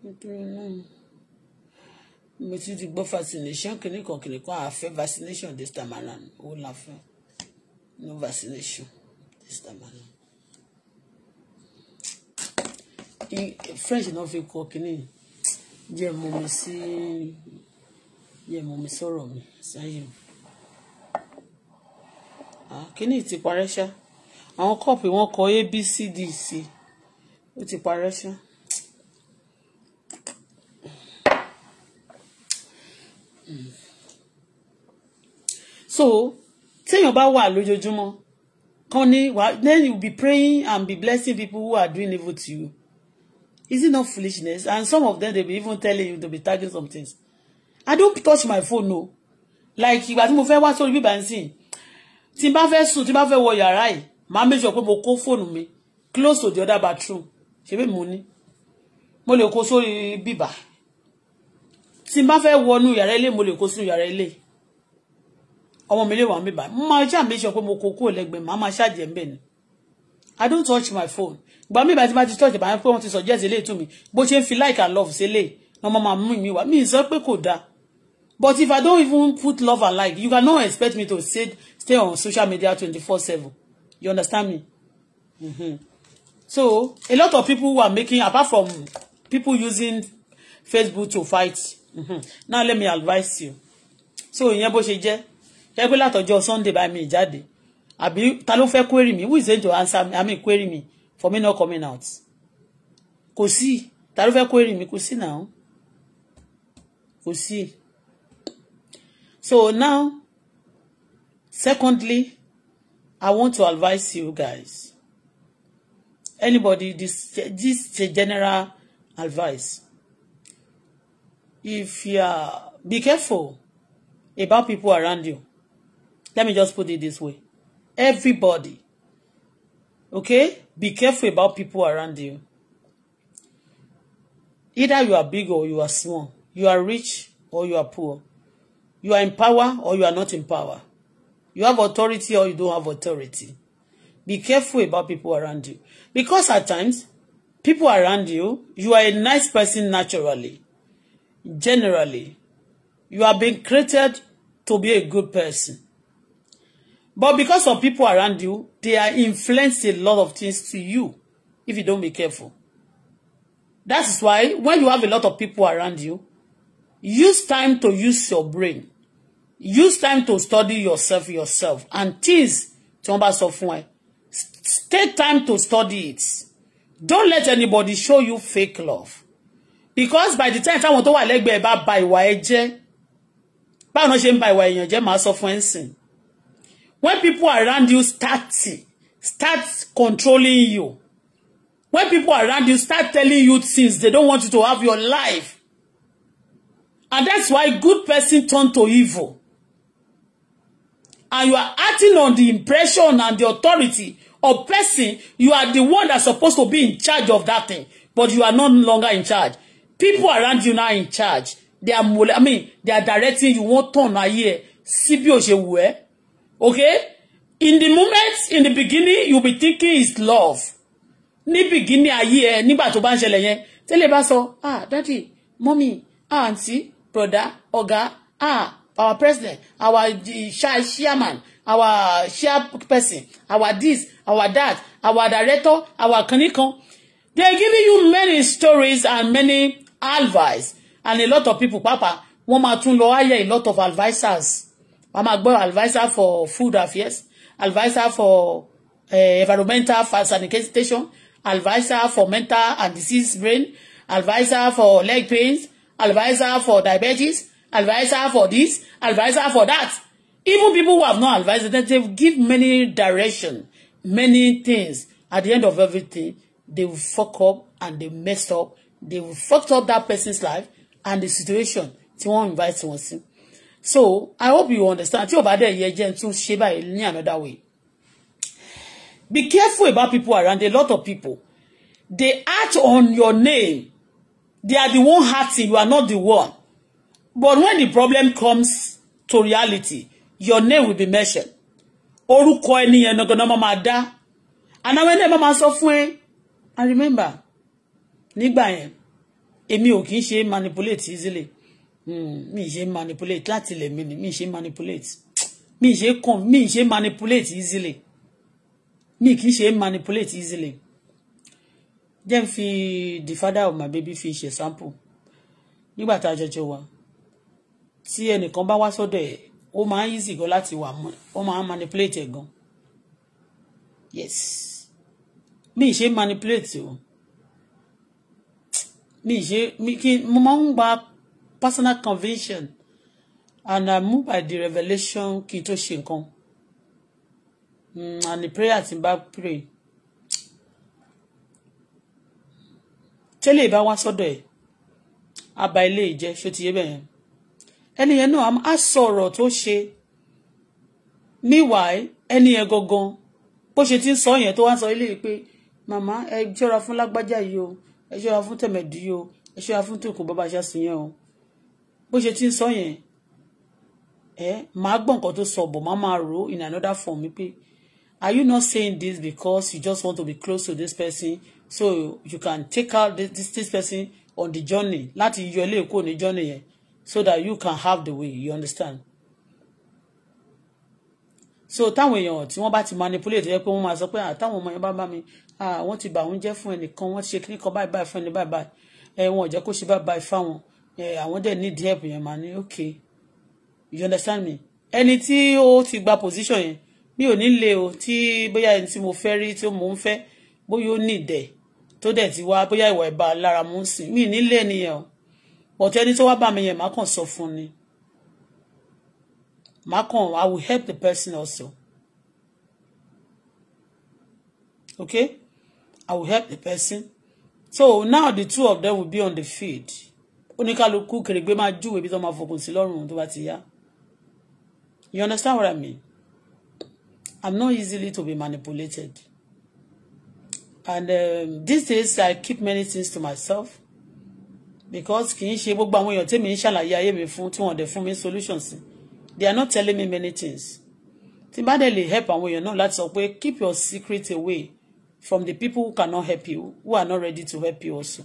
nítorí Ọlọ́run mo ti ti gbọ́ vaccination kìnnì kan kìnnì kan àfẹ́ vaccination this time around ó la fẹ́ no vaccination this time around. French náà fi kọ kìnnì jẹ́ mọ́ mi sí jẹ́ mọ́ mi sọ̀rọ̀ mi sẹ́yìn kìnnì ti parẹ́ ṣáá àwọn kọ́ọ̀pù wọn kọ abcd sí ó ti parẹ́ sí. so téèyàn bá wà lójoojúmọ́ kan ní wà then you be praying and be blessing people who are doing evil to you is it not foolishness and some of them they be even telling you to be tagging some things i don't touch my phone no like ìgbà tí mo fẹ́ wá sórí bíbá ń sìn tí n bá fẹ́ sùn tí n bá fẹ́ wọ yàrá yìí màá méjì pé mo kó fóònù mi close to the other bathroom ṣe bí mo ní mo lè kó sórí bíbà tí n bá fẹ́ wọnú yàrá ilé mo lè kó sínú yàrá ilé ọmọ mi lè wà mí bá máa ṣáà méjì pé mo kó kúrò lẹ́gbẹ̀ẹ́ màá máa ṣáàjẹ́ mbẹ́ ni I don't touch my phone gbà mí ìbá tí bá ti touch ìbá pé wọ́n ti suggest ilé ìtú mi bó ṣe ń fi like and love sí ilé ọmọ màá mú mi wá mi ì sọ pé kò dáa But if I don't even put love and like, you cannot expect me to sit, stay on social media 24/7. You understand me? Mm-hmm. So a lot of people who are making, apart from people using Facebook to fight, mm-hmm. Now let me advise you. So ìyẹn bó ṣe jẹ́, jẹ́ pé látọjọ́ Sunday by me jáde, àbí ta ló fẹ́ query me? Who is going to answer me? I mean query me for me not coming out? Kò sí, ta ló fẹ́ query me? Kò sí now. Kò sí. So now, secondly, I want to advise you guys. Anybody, this this is a general advice. If you are, be careful about people around you. Let me just put it this way. Everybody, okay? Be careful about people around you. Either you are big or you are small. You are rich or you are poor. You are in power or you are not in power. You have authority or you don't have authority. Be careful about people around you. Because at times, people around you, you are a nice person naturally. Generally, you are being created to be a good person. But because of people around you, they are influencing a lot of things to you if you don't be careful. That is why when you have a lot of people around you, use time to use your brain use time to study yourself yourself and things tí wọ́n bá sọ fún ẹ take time to study it don't let anybody show you fake love because by the time táwọn tó wà lẹ́gbẹ̀ẹ́ bá ba ìwà ẹ jẹ́ báwọn náà ṣe ń ba ìwà èèyàn jẹ́ màá sọ fún ẹ sìn when people around you start start controlling you when people around you start telling you things they don't want you to have your life and that's why good person turn to evil and you are acting on the impression and the authority of person, you are the one that's supposed to be in charge of that thing, but you are no longer in charge. People around you now in charge. They are, I mean, they are directing you one turn a year. See bí Okay? In the moment, in the beginning, you'll be thinking it's love. Ní beginning ayé ẹ, nígbà tó bá ń ṣẹlẹ̀ yẹn, ah, daddy, mommy, ah, auntie, brother, ọ̀gá, ah, our president our the chairman our chairperson our this our that our director our clinical they giving you many stories and many advice and a lot of people papa wọ́n máa tún lọ hire a lot of advisers wọ́n máa gbọ́ adviser for food affairs adviser for uh, environmental for sanitation adviser for mental and disease brain adviser for leg pains adviser for diabetes advisor for this, advisor for that. Even people who have no advisor, they give many direction, many things. At the end of everything, they will fuck up and they mess up. They will fuck up that person's life and the situation. They won't invite wọn So, I hope you understand. Tí o bá dẹ̀ yẹ jẹ́ tún another way. Be careful about people around. A lot of people, they act on your name. They are the one hurting. You are not the one. But when the problem comes to reality, your name will be mentioned. Orúkọ ẹni yẹn gangan náà máa dá. And àwọn ẹni máa sọ fún ẹ. remember, nígbà yẹn, èmi ò kì í manipulate easily. Hmm, mi ṣe manipulate láti ilẹ̀ mi ni mi ṣe manipulate. Mi ṣe kàn mi ṣe manipulate easily. Mi kì í manipulate easily. Then fi the father of my baby fish ṣe sample. Nígbà tá a jọjọ wà tí ẹnìkan bá wá sọ́dọ̀ ẹ̀ ó máa ń easy gan láti wà mọ́ ó máa ń manipulate ẹ̀ gan yes mi ṣe manipulate o mi ṣe mi kí mo máa ń gba personal conviction and I move by the revelation kí n tó ṣe nǹkan hmm, and the prayer tí bá pray tẹ́lẹ̀ bá wá sọ́dọ̀ ẹ̀ àbá ilé ìjẹ́ ṣó ti yé bẹ́ẹ̀ yẹn ẹni yẹn náà á sọ ọ̀rọ̀ tó ṣe meanwhile ẹni yẹn gangan bó ṣe ti ń sọ yẹn tó wá ń sọ ilé yìí pé màmá ẹ ṣọ́ra fún lágbájá yìí o ẹ ṣọ́ra fún tẹ̀mẹ̀dù yìí o ẹ ṣọ́ra fún tòkùn bàbá aṣáṣin yẹn o bó ṣe ti ń sọ yẹn ẹ màá gbọ́ nǹkan tó sọ bọ̀ màá máa rò in another form pé are you not saying this because you just want to be close to this person so you can take out this, this person on the journey láti yọ ilé ìkó ní journey yẹn so that you can have the way you understand so táwọn èèyàn tí wọ́n bá ti manipulate yẹ pé wọ́n máa sọ pé àtàwọn ọmọ yẹn bá bá mi wọ́n ti bà wọ́n jẹ́ fún ẹnìkan wọ́n ti ṣe kíníkan báyìí báyìí fún ẹni báyìí báyìí ẹ wọn ò jẹ́ kó ṣe báyìí báyìí fáwọn àwọn dẹ̀ need help yẹn máa ní okay you understand me ẹni tí ó ti gba position yẹn mi ò ní lè o tí bóyá ẹni tí mo fẹ́ rí tí mo ń fẹ́ bóyá ó need ẹ̀ tó dẹ̀ ti wá bóyá ìwà ìbá lára mú sí mi ì ní lè nìyẹn o ọ̀tọ̀ ẹni tó wá bá mi yẹn má kàn sọ fún ni má kàn I will help the person also okay I will help the person so now the two of them will be on the field oníkálukú kèrègbè máa júwèé bí tó máa fòkùn sí lọ́rùn tó bá ti yá you understand what I mean I'm not easily to be manipulated and um, these days I keep many things to myself because kì í ṣe gbogbo àwọn èèyàn tèmi ń ṣàlàyé ayé mi fún tí wọ́n dẹ̀ fún mi solution they are not telling me many things tí bá dẹ̀ lè help àwọn èèyàn náà láti sọ pé keep your secret away from the people who cannot help you who are not ready to help you also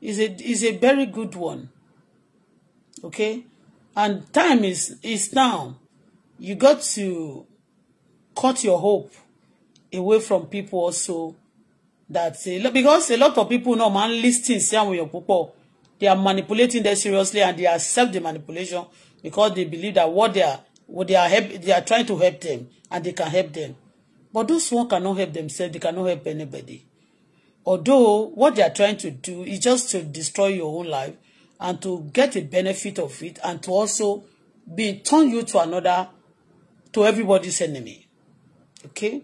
is a is a very good one okay and time is is now you got to cut your hope away from people also that a because a lot of people náà máa ń lis ten sí àwọn èèyàn púpọ̀ they are manipulating them seriously and they accept the manipulation because they believe that what they are what they are help, they are trying to help them and they can help them but those who cannot help themselves they cannot help anybody although what they are trying to do is just to destroy your own life and to get a benefit of it and to also be turn you to another to everybody's enemy okay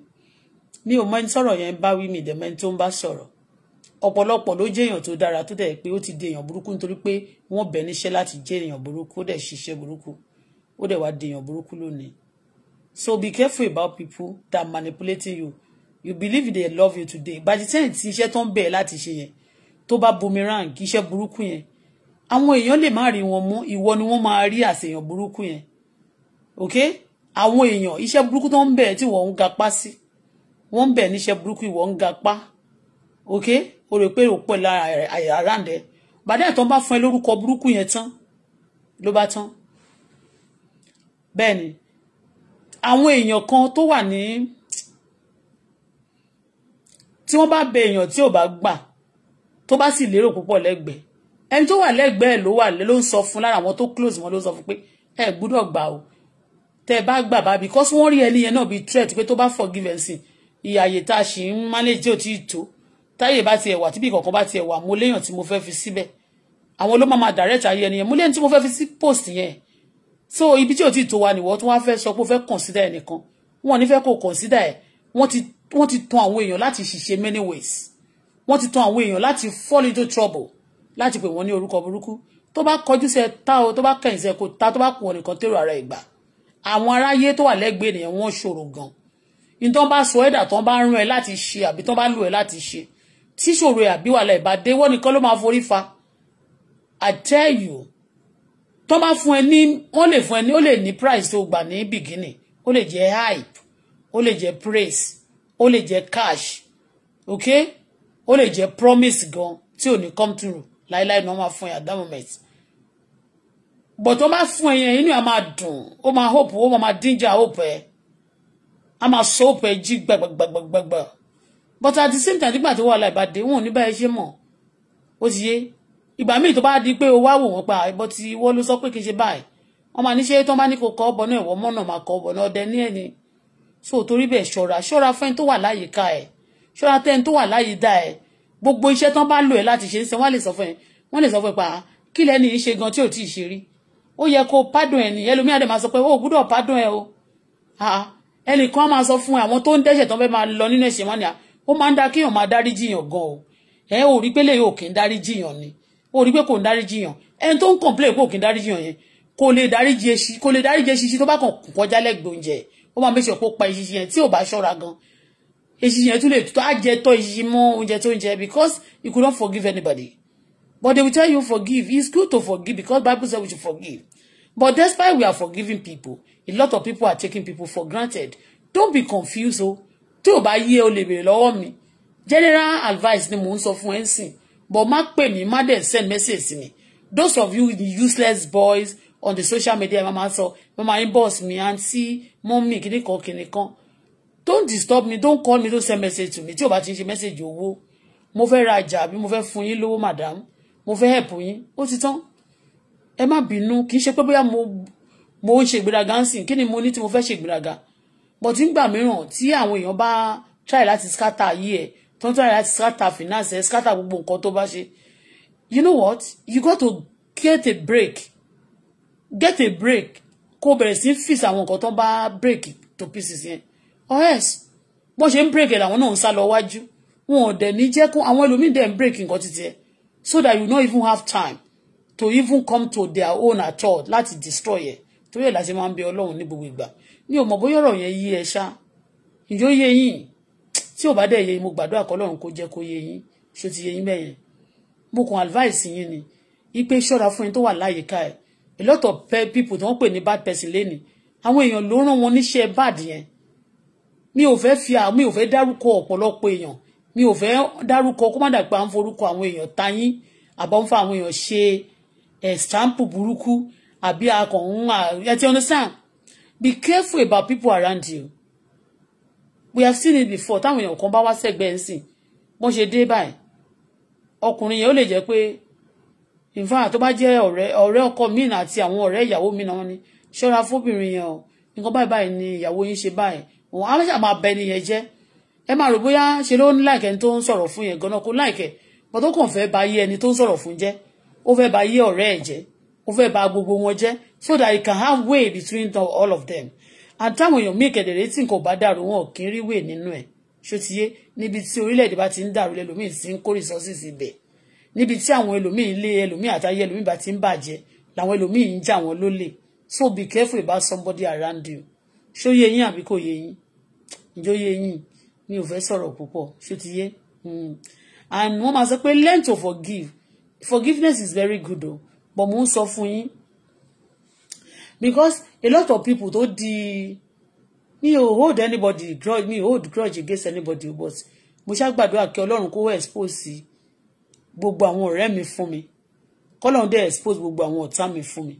ni o mọ sorrow sọ̀rọ̀ ba wi mi ìdẹ̀mọ ẹni tó sorrow ọ̀pọ̀lọpọ̀ ló jẹ́ èèyàn tó dára tó dẹ̀ pé ó ti di èèyàn burúkú nítorí pé wọ́n bẹ̀ níṣẹ́ láti jẹ́ èèyàn burúkú ó dẹ̀ ṣiṣẹ́ burúkú ó dẹ̀ wá di èèyàn burúkú lónìí so be careful about people that manipulating you you believe they love you today by the time tí iṣẹ́ tó ń bẹ̀ láti ṣe yẹn tó bá boomerang iṣẹ́ burúkú yẹn àwọn èèyàn lè má rí wọn mú ìwọ ni wọ́n máa rí àṣeyàn burúkú yẹn okay àwọn èèyàn iṣẹ́ burúkú tó ń bẹ̀ tí wọ́n ń gapá sí wọ́n ń bẹ̀ níṣẹ́ burúkú ìwọ ń gapá ok o rò pé o pọ̀ lára eh, around ẹ bàdá ìtàn bá fún ẹ lórúkọ burúkú yẹn tán ló bá tán bẹ́ẹ̀ ni àwọn èèyàn kan tó wà ní tí wọ́n bá bẹ èèyàn tí ò bá gbà tó bá sì lérò púpọ̀ lẹ́gbẹ̀ẹ́ ẹni tó wà lẹ́gbẹ̀ẹ́ ló wà ló ń sọ fún lára àwọn tó close wọn ló sọ fún pé ẹ gbúdọ̀ gbà o tẹ bá gbà bá because wọ́n rí ẹni yẹn náà bíi threat pé tó bá forgive ẹ̀ sìn ìyàyè tá a sì ń manage tí ò tó táyè bá tiẹ̀ wà tíbi kọ̀ọ̀kan bá tiẹ̀ wà mo léèyàn tí mo fẹ́ fi síbẹ̀ àwọn ló máa direct ayé ẹni yẹn mo léèyàn tí mo fẹ́ fi sí post yẹn so ibi tí ò tí tó wa nìwọ tí wọ́n fẹ́ sọ pé ó fẹ́ consider ẹnìkan wọn ní fẹ́ kó consider ẹ̀ wọ́n ti wọ́n ti tan àwọn èèyàn láti ṣiṣẹ́ many ways wọ́n ti tan àwọn èèyàn láti fall into trouble láti pè wọ́n ní orúkọ burúkú tó bá kọjú sí ẹ tá o tó bá kẹ̀yìn sí ẹ kó ta tó bá kù ọ nìkan tèrò ara ìgbà àwọn aráyé tó wà lẹ́gbẹ̀ẹ́ nìyẹn wọ́n ṣòro gan-an ìtàn bá sọ ẹ̀dà tán bá rán ẹ láti ṣe àbí tán bá lù ẹ láti ṣe tíṣòro àbí wàhálà ìbàdé wọ́n nìkan ló máa forí fa I tell you tó bá fún ẹ ní wọ́n lè fún ẹ ní ó lè ní price tó gbà ní beginning ó lè jẹ́ hype ó lè jẹ́ praise ó lè jẹ́ cash ok ó lè jẹ́ promise gan tí ò ní come through láíláí náà máa fún ẹ at that moment but tó bá fún ẹ yẹn inú ẹ máa dùn ó máa hope ó máa danger hope ẹ a máa so hope ẹ jí gbàgbàgbàgbàgbà but at the same time nígbà tí wàhálà ìbàdí wọn ò ní báyìí ṣe mọ̀ ó ti yé ìgbà míì tó bá di pé o wá wò wọ́n pa ẹ̀bọ tí wọ́n ló sọ pé kì í ṣe báyìí wọ́n máa ní ṣe tó máa ní kó kọ́ ọ̀bọ náà ẹ̀wọ́ mọ́nà máa kọ́ ọ̀bọ náà ọdẹ ní ẹ̀ni so torí bẹ́ẹ̀ ṣọ́ra ṣọ́ra fẹ́ni tó wà láyìíká ẹ̀ ṣọ́ra tẹ́ni tó wà láyìídá ẹ̀ gbogbo iṣẹ́ tán bá lò ẹ̀ láti ṣe ń sẹ́ wọ́n lè sọ fún ẹ wọ́n lè sọ fún ẹ pa kí lẹ́ni yìí ṣe gan tí ò tí ì ṣe rí ó yẹ kó pádùn ẹ̀ ní ẹlòmíà dẹ̀ máa sọ pé ó gbúdọ̀ pádùn ẹ̀ o ẹnìkan máa sọ fún àwọn tó ń dẹ́ṣẹ̀ tán fẹ́ máa lọ nínú ẹ̀ṣẹ̀ wọn ni ó máa ń da kéèyàn máa dáríjìyàn gan o ẹ ò rí pé lẹ́yìn òkè ń dáríjìyàn ni ó rí pé kò ń dáríjìyàn ẹni tó ń complain pé òkè ń dáríjìyàn yẹn kò lè dáríjì eṣi kò lè dáríjì eṣi tó bá kàn kọjá lẹ́gbẹ̀ẹ́ oúnjẹ ó máa mẹ́sàn kó pa eṣi yẹn tí ò bá ṣọ́ra gan eṣi yẹn tún lè tó àjẹ tọ́ eṣi mọ́ oúnjẹ tó ń jẹ because you could not forgive anybody but they will tell you forgive it's good to forgive because Bible says we should forgive but despite we are forgiving people a lot of people are taking people for granted don't be confused o. Oh tí ò bá yé o lè béèrè lọ́wọ́ mi general advice ni mò ń sọ fún ẹ but má pè mí má dẹ̀ send message sí mi those of you the useless boys on the social media mama sọ mama inbox mi aunty mummy kìnìkan kìnìkan don't disturb me don't call me don't send message to me tí ò bá ti ń ṣe message owó mo fẹ́ ra ajá àbí mo fẹ́ fún yín lówó madam mo fẹ́ help yín ó ti tán ẹ má bínú kì í ṣe pé bóyá mo mo ń ṣe ìgbéraga ń sìn kí ni mo ní tí mo fẹ́ ṣe ìgbéraga but nígbà mìíràn tí àwọn èèyàn bá try láti scatter yí ẹ tó ń try láti scatter finance ẹ scatter gbogbo nǹkan tó bá ṣe you know what you got to get a break get a break kó bẹ̀rẹ̀ sí fix àwọn nǹkan tó bá break to pieces yẹn or else bó ṣe ń break ẹ̀ làwọn náà ń sá lọ wájú wọn ò dẹ̀ ní jẹ́ kó àwọn ẹlòmíín dẹ̀ ń break nǹkan títí ẹ̀ so that you not even have time to even come to their own at all láti destroy ẹ̀ torí ẹ̀ láti máa ń bẹ ọlọ́run ní gbogbo ìgbà mi ò mọ̀ bóyá ọ̀rọ̀ yẹn yé ẹ ṣá ìjọ yé yín tí ò bá dẹ̀ yé yín mo gbàdúrà kọ́lọ́run kó jẹ́ kó yé yín ṣó ti yé yín bẹ́ẹ̀ yẹn mo kàn advice yín ni ipe ṣọ́ra fún yín tó wà láyìíká ẹ̀ a lot of people tí wọ́n pè ní bad person lẹ́ni àwọn èèyàn ló rán wọn níṣẹ́ bad yẹn mi ò fẹ́ fi mi ò fẹ́ dárúkọ ọ̀pọ̀lọpọ̀ èèyàn mi ò fẹ́ dárúkọ kó má dàgbà ń forúkọ àwọn èèyàn tayín àbọ̀ ń fa àwọn èèyàn ṣe ẹ̀stámpù eh, burúkú àbí akọ̀hún ẹ̀ ti understand be careful about people around you we have seen it before táwọn èèyàn kan bá wá sẹ́gbẹ́ ẹ̀sìn bó ṣe dé báyìí ọkùnrin yẹn ó lè jẹ́ pé in fact tó bá jẹ́ ọ̀rẹ́ ọ̀rẹ́ ọkọ mi àti àwọn ọ̀rẹ́ ìyàwó mi náà ni ṣọ́ra fóbìnrin yẹn o nǹkan báyìí báyìí ni ìyàwó yín ṣe báyìí òun á ṣàmà bẹ nìyẹn jẹ́ ẹ máa rò bóyá ṣe ló ní láìkẹ́ tó ń sọ̀rọ̀ fún yẹn gan-an kó láìkẹ́ bọ́tó kàn fẹ́ bà yé ẹni tó ń sọ̀rọ̀ fún jẹ́ ó fẹ́ bà yé ọ̀rẹ́ ẹ̀ jẹ́ ó fẹ́ bà gbogbo wọn jẹ́ so that you can have way between the, all of them and táwọn èèyàn míì kẹ̀dẹ̀rẹ́ tí nǹkan bá dàrú wọn kì í rí way nínú ẹ̀ ṣótiyé níbi tí orílẹ̀-èdè bá ti ń dàrú lẹ́lòmíì ti ń kó resources ibẹ̀ níbi tí àwọn ẹlòmíì lé ẹlòmíì àtàyè ẹlòmíì bá ti ń bàjẹ́ làwọn ẹlòmíì ń jà wọn lólè so be careful about somebody around you ṣó yé yín àbí kò yé yín ǹjọ́ yé yín mi ò fẹ́ sọ̀rọ̀ púpọ̀ ṣótiyé hmm. and wọ́n máa sọ pé learn to forgive forgiveness is very good o. Oh but mo ń sọ fún yín because a lot of people tó di mi ò hold anybody grudge mi hold grudge against anybody but mo ṣàgbàdúrà kí ọlọ́run kó expose gbogbo àwọn ọ̀rẹ́ mi fún mi kọ́lọ́run dẹ̀ expose gbogbo àwọn ọ̀tá mi fún mi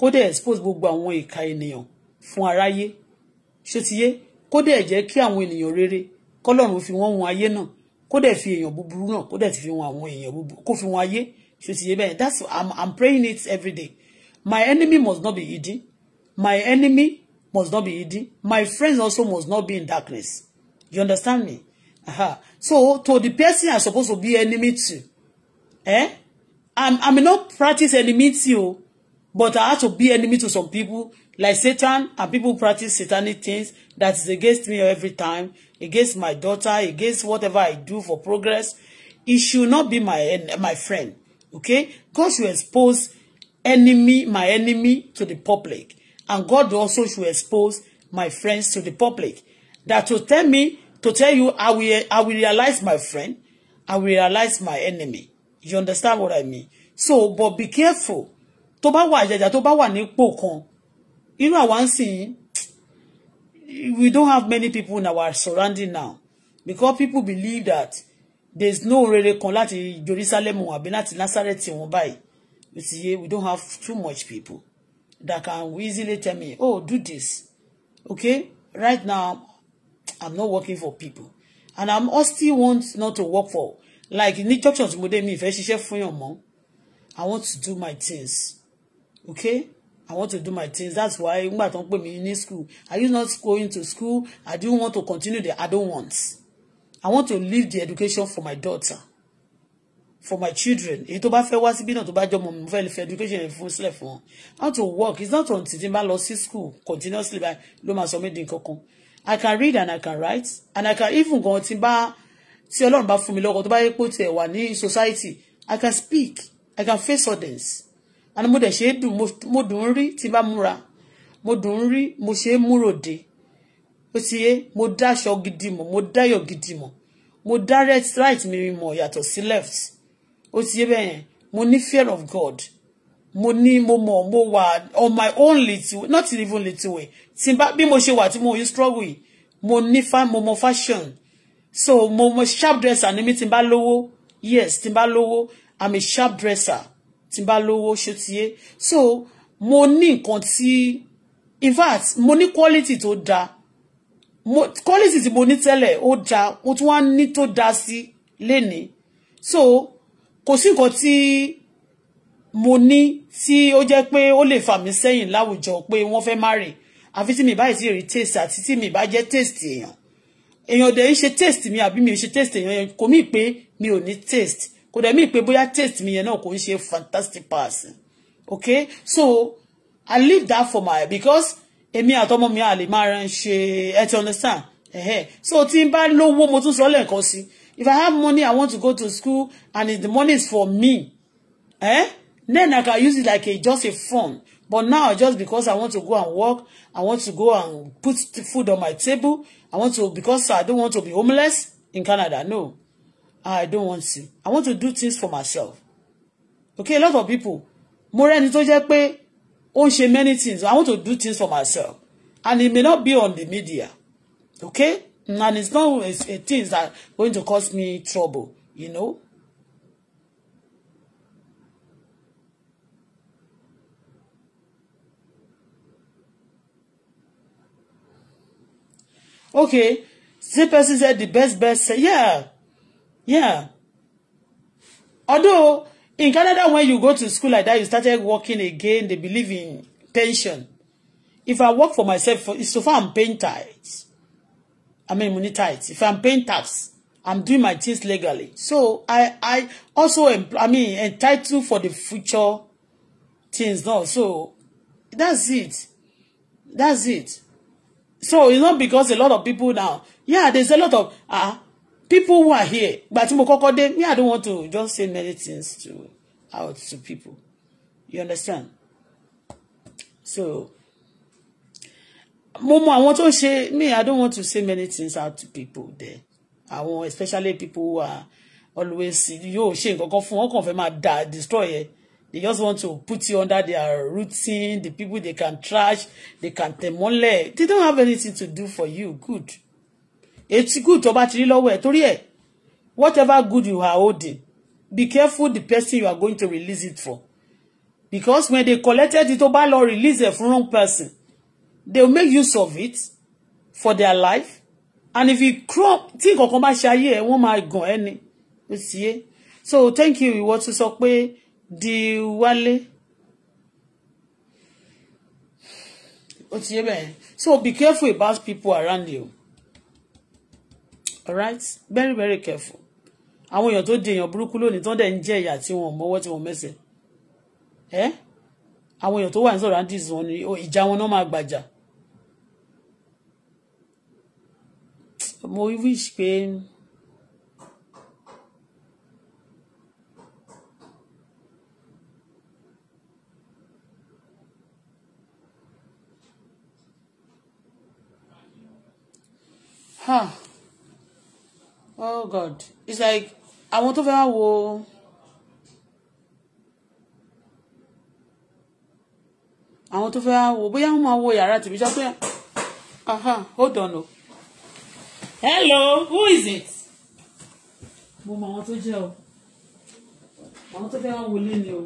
kó dẹ̀ expose gbogbo àwọn ìka ènìyàn fún aráyé ṣé ti yé kó dẹ̀ jẹ́ kí àwọn ènìyàn rere kọ́lọ́run fi wọ́n wọn ayé náà kó dẹ̀ fi èèyàn búburú náà kó dẹ̀ ti fi wọn àwọn èèyàn búburú kó fi wọn ayé That's I'm I'm praying it every day. My enemy must not be hidden. My enemy must not be hidden. My friends also must not be in darkness. You understand me? huh? So to the person I'm supposed to be enemy to, eh? I'm I may not practice enemy to, but I have to be enemy to some people like Satan and people practice satanic things that is against me every time, against my daughter, against whatever I do for progress. It should not be my my friend. Okay? God should expose enemy, my enemy to the public. And God also should expose my friends to the public. That to tell me, to tell you, I will, I will realize my friend, I will realize my enemy. You understand what I mean? So, but be careful. Tó bá wà jàjà, tó bá wà ní ipò kan. You know, àwọn sì, we don't have many people in our surrounding now. Because people believe that There's no rere kan láti Jerusalem àbí láti Nazareth wọn báyìí you see we don't have too much people that can easily tell me oh do this okay right now I'm not working for people and I'm still want not to work for like ní church ọ̀tún mo dé mi ìfẹ́ ṣiṣẹ́ fún yàn mọ́ I want to do my things okay I want to do my things that's why I'm not going to school are you not going to school I don't want to continue there I don't want. I want to leave the education for my daughter for my children èyí tó bá fẹ́ wá síbí náà education yẹn fún sílẹ̀ fún to work it's not on tí n bá lọ school continuously by ló máa sọ mí di I can read and I can write and I can even go tí n bá tí Ọlọ́run bá fún mi lọ́kọ tó bá yẹ pé society I can speak I can face audience and mo dẹ̀ ṣe é dùn mo dùn ún rí mo dùn mo ṣe é ó ti yé mo dáṣọ gidi mọ̀ mo dáyọ̀ gidi mọ̀ mo dá right mi mọ̀ yàtọ̀ sí left ó ti yé bẹ́ẹ̀ yẹn mo ní fear of God mo ní mo mọ̀ mo wà on my own little not even little way tí bá bí mo ṣe wà tí mo yí struggle yìí mo ní mo mọ̀ fashion so mo mọ̀ sharp dresser ni mi tí bá lówó yes tí bá lówó i'm a sharp dresser tí bá lówó ṣe ti yé so mo ní nǹkan tí in fact mo ní quality tó dáa kọ́lẹ́sì tí mo ní tẹ́lẹ̀ ó da mo tún wá ní tó da sí lénìí so kò sí nǹkan tí mo ní tí ó jẹ́ pé ó lè fà mí sẹ́yìn láwùjọ pé wọ́n fẹ́ má rè àfi tí mi bá ti rí taste àti tí mi bá jẹ́ taste èèyàn èèyàn dẹ̀ ń ṣe taste mi àbí mi ò ṣe taste èèyàn kò mí pé mi ò ní taste kò dẹ̀ mí pé bóyá taste mi yẹn náà kò ń ṣe fantastic pass. okay so I leave that for my because èmi àtọmọ mi àlè máa ran ṣe ẹ ti understand ẹ̀hẹ́ so tí n bá lówó mo tún sọ lẹ́ẹ̀kan sí if I have money I want to go to school and the money is for me eh? then I can use it like a just a fund but now just because I want to go and work I want to go and put food on my table I want to because I don't want to be homeless in Canada no I don't want to I want to do things for myself okay a lot of people mo rẹ́ni tó jẹ́ pé ó ń many things I want to do things for myself and it may not be on the media okay and it's not a, a things that going to cause me trouble you know. okay same person said the best best say yeah yeah although In Canada, when you go to school like that, you started working again, they believe in pension. If I work for myself, for, so far I'm paying tithes. I mean, money tithes. If I'm paying tax, I'm doing my things legally. So I, I also, I mean, entitled for the future things now. So that's it. That's it. So it's not because a lot of people now, yeah, there's a lot of, ah, uh, people who are here gbà tí mo kọ́kọ́ dé me i don't want to just say many things to out to people you understand so mo mọ àwọn tó ṣe me i don't want to say many things out to people there àwọn especially people who are always yóò ṣe nǹkan kan fún wọn kàn fẹ́ máa da destroy ẹ they just want to put you under their routine the people they can trash they can tẹ̀mọ́lẹ̀ they don't have anything to do for you good. It's good tó bá ti rí lọ́wọ́ ẹ̀ whatever good you are holding be careful the person you are going to release it for because when they collected it tó bá release it from wrong person they'll make use of it for their life and if you crop think of bá shy ayé won't wọ́n go any. ẹ́ ni so thank you what to sọ pé di wálé so be careful about people around you alright very very careful àwọn èèyàn tó di èèyàn burúkú lónìí tó ń dẹ̀ ń jẹ́ ìyà tí wọ́n mọ́wọ́ tí wọ́n mẹ́sẹ̀ ẹ́ àwọn èèyàn tó wà ní sọ̀rọ̀ǹdìsì wọn ni ìjà wọn náà máa gbàjà mo wish pé Huh oh god it's like àwọn tó fẹ́ wá wo. àwọn tó fẹ́ wá wo bóyá wọ́n máa wo yàrá tìbí sọ pé hold on o. hello who is it. mo mọ àwọn tó jẹ́ o àwọn tó fẹ́ wá wọlé ni o.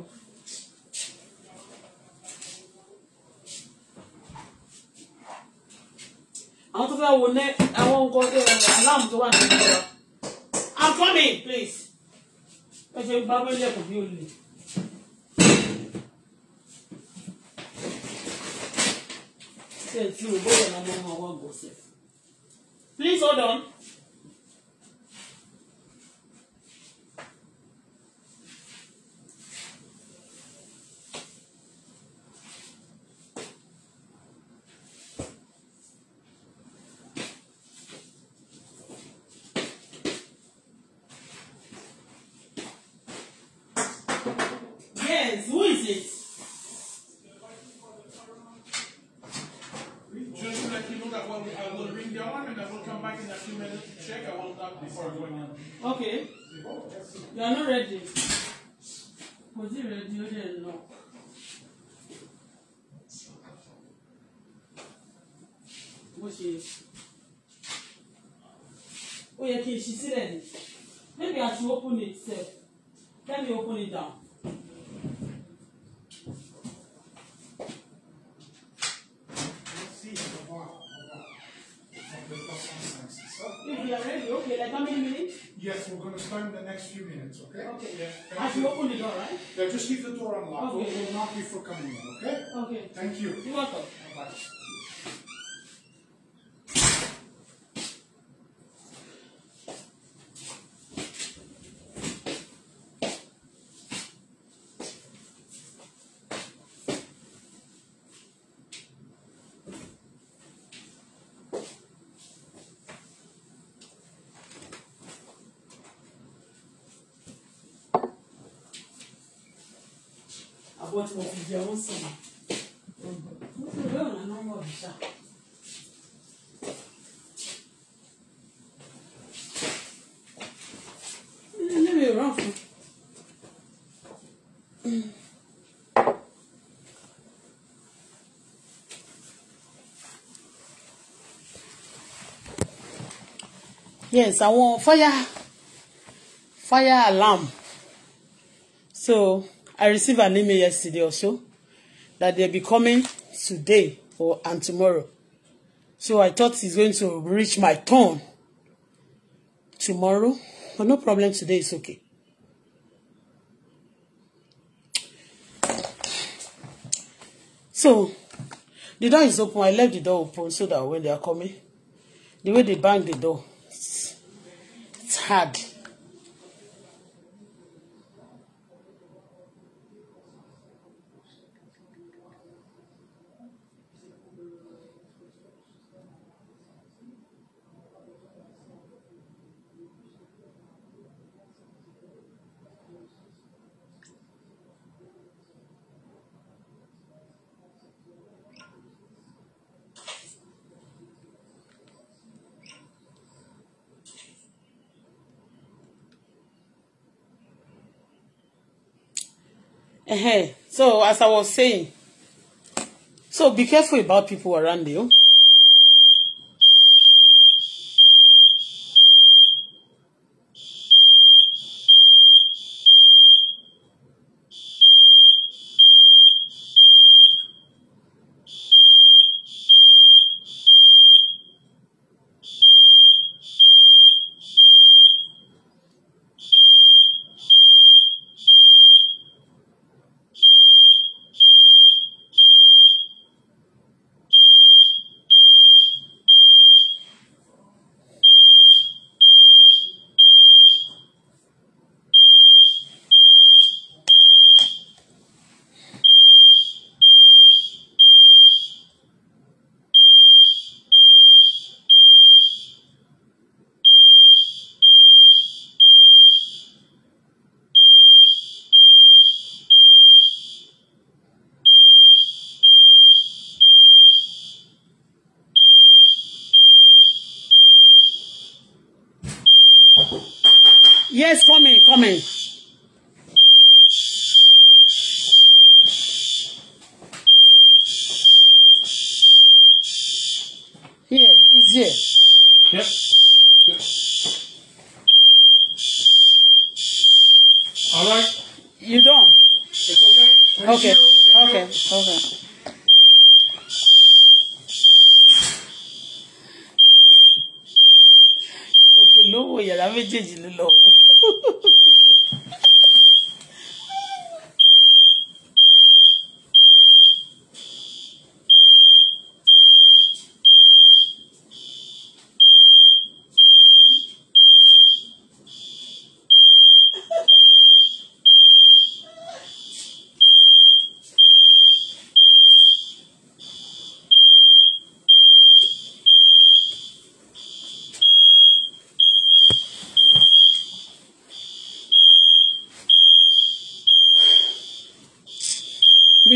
àwọn tó fẹ́ wo ní àwọn nǹkan eh, aláàmù tó wà nínú ìjọba. I'm coming, please. Ẹ ṣe gbá wẹ́lẹ̀ kò bí olè. Ṣé tí o gbọ́dọ̀ náà mọ́ ọmọ ọwọ́ gòsè? Please hold on. Okay. We will mark you for coming in, okay? Okay. Thank you. You're welcome. yes àwọn fire fire alarm so I received an email yesterday also that they'll be coming today or and tomorrow so I thought it's going to reach my turn tomorrow but no problem today is okay. So the door is open. I left the door open so that when they are coming, the way they bang the door, had so as I was saying so be careful about people around you Yes, coming, coming. Here, he's here. Yep. yep. All right. You done? It's okay. Thank okay. You. okay. You. Okay. Okay. Òkè lówó yàrá méjèèjì ló lọ.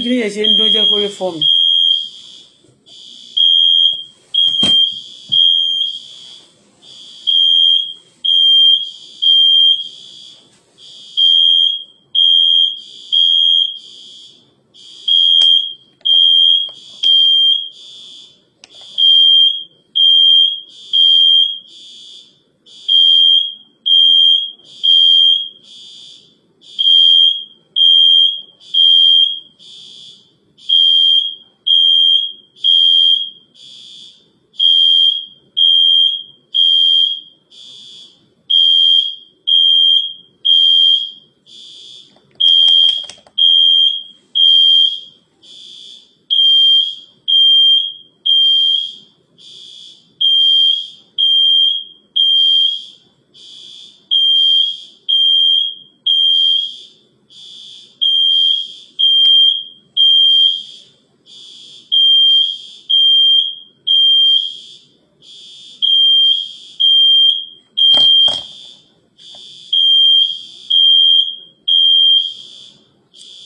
kíní yẹn ṣe ń dún jẹ́ kórè fọ́ mi.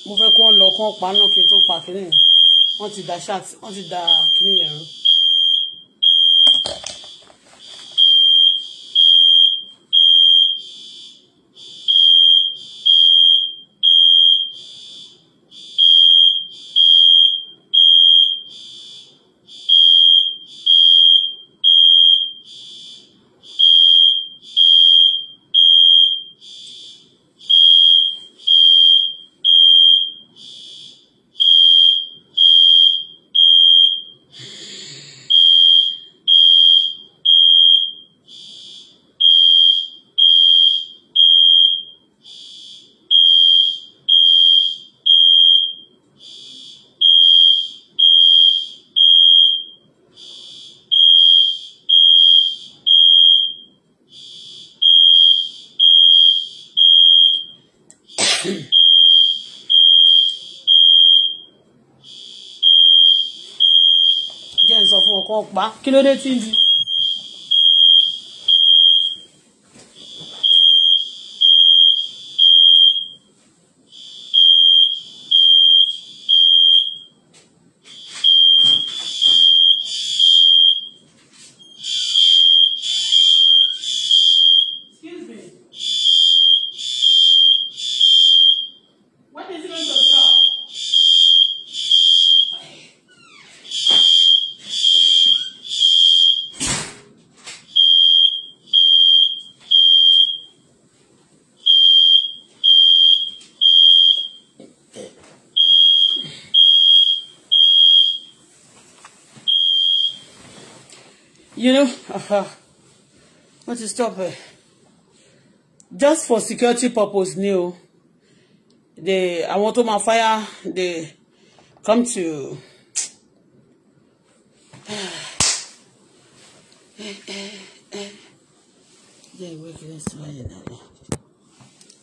mo fẹ́ kó lọ kán paná kí n tó pa kínní yẹn wọ́n ti da ṣáàtì wọ́n ti da kínní yẹn rú. kọ̀ọ̀kan pa kí ló dé tí ń di. you know, uh-huh. want to stop uh, just for security purpose ni The I want tó máa fire they come to jẹ́ ìwé kìíní sí wáyé náà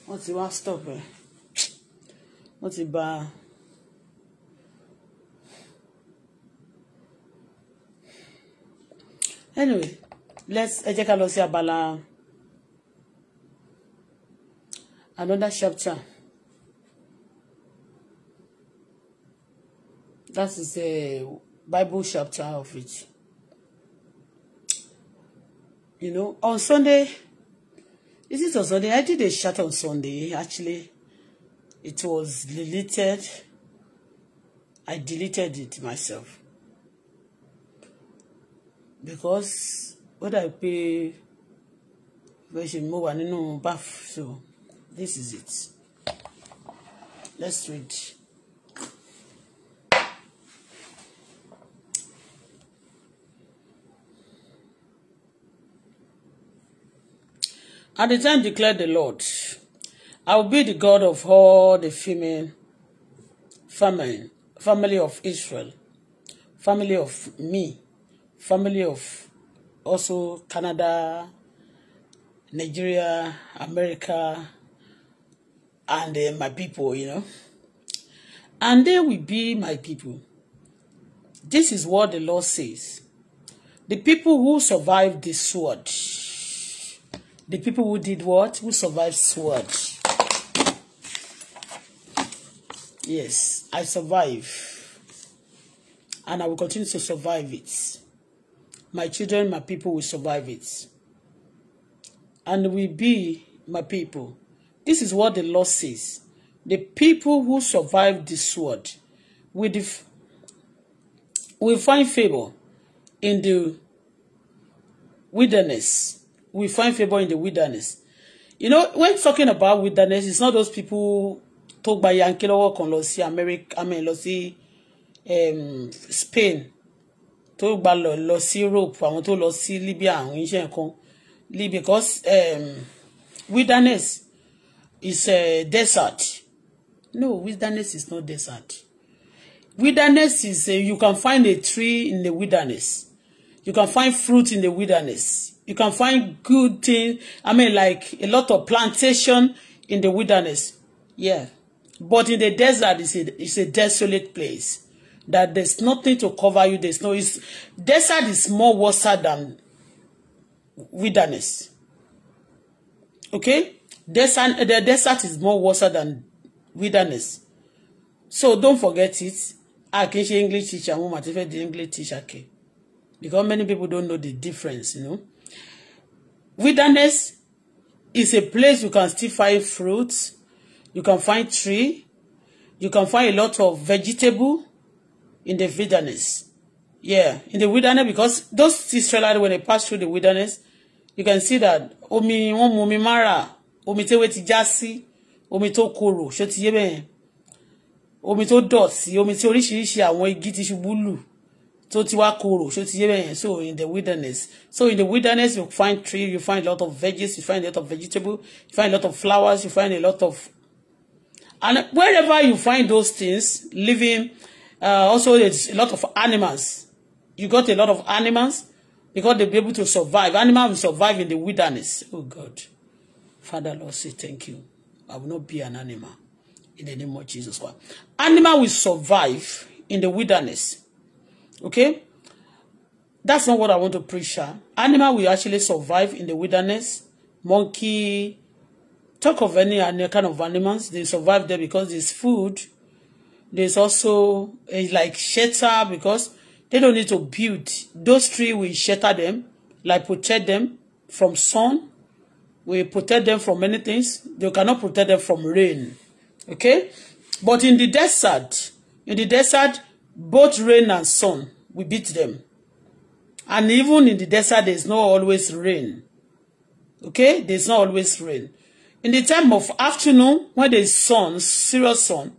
wọ́n stop ẹ̀ wọ́n ti bà. anyway let's ẹ jẹ́ ká lọ sí abala another chapter that is a Bible chapter of it you know on Sunday is it on Sunday I did a chat on Sunday actually it was deleted I deleted it myself because ó I pay, version ṣe mo wà nínú baff so this is it let's read. At the time declared the Lord, I will be the God of all the female family, family of Israel, family of me family of also Canada, Nigeria, America, and uh, my people, you know. And they will be my people. This is what the Lord says. The people who survived the sword. The people who did what? Who survived sword. Yes, I survive. And I will continue to survive it my children, my people will survive it. And will be my people. This is what the Lord says. The people who survive this sword will, will find favor in the wilderness. We find favor in the wilderness. You know, when talking about wilderness, it's not those people talk by yankee lọ́wọ́ kan lọ sí America, I mean, lọ um, Spain tó gba lọ lọ sí Europe àwọn tó lọ sí Libya àwọn iṣẹ́ nǹkan Libya because um, wilderness is a desert no wilderness is not desert wilderness is a, you can find a tree in the wilderness you can find fruit in the wilderness you can find good thing I mean like a lot of plantation in the wilderness yeah but in the desert is a is a desolate place that there's nothing to cover you. There's no it's, desert is more worse than wilderness. Okay? Desert, eh, the desert is more worse than wilderness. So don't forget it. I can say English teacher, I'm a the English teacher. Okay? Because many people don't know the difference, you know. Wilderness is a place you can still find fruits, you can find tree, you can find a lot of vegetable, in the wilderness. Yeah, in the wilderness because those Israelites when they pass through the wilderness, you can see that omi wọn mu omi mara, omi tewé ti já sí, omi tó korò, ṣó ti yé bẹ́ẹ̀ omi tó dọ̀tí, omi tí oríṣiríṣi àwọn igi ti ṣubú lù ti wá korò, ṣó ti yé so in the wilderness. So in the wilderness you find tree, you find a lot of veggies, you find a lot of vegetable, you find a lot of flowers, you find a lot of and wherever you find those things living uh, also there's a lot of animals you got a lot of animals because they'll be able to survive animals will survive in the wilderness oh God Father Lord say thank you I will not be an animal in the name of Jesus Christ animal will survive in the wilderness okay that's not what I want to preach huh? animal will actually survive in the wilderness monkey talk of any, any kind of animals they survive there because there's food There's also a, like shelter because they don't need to build. Those trees will shelter them, like protect them from sun. We protect them from many things. They cannot protect them from rain. Okay? But in the desert, in the desert, both rain and sun, we beat them. And even in the desert, there's not always rain. Okay? There's not always rain. In the time of afternoon, when there's sun, serious sun,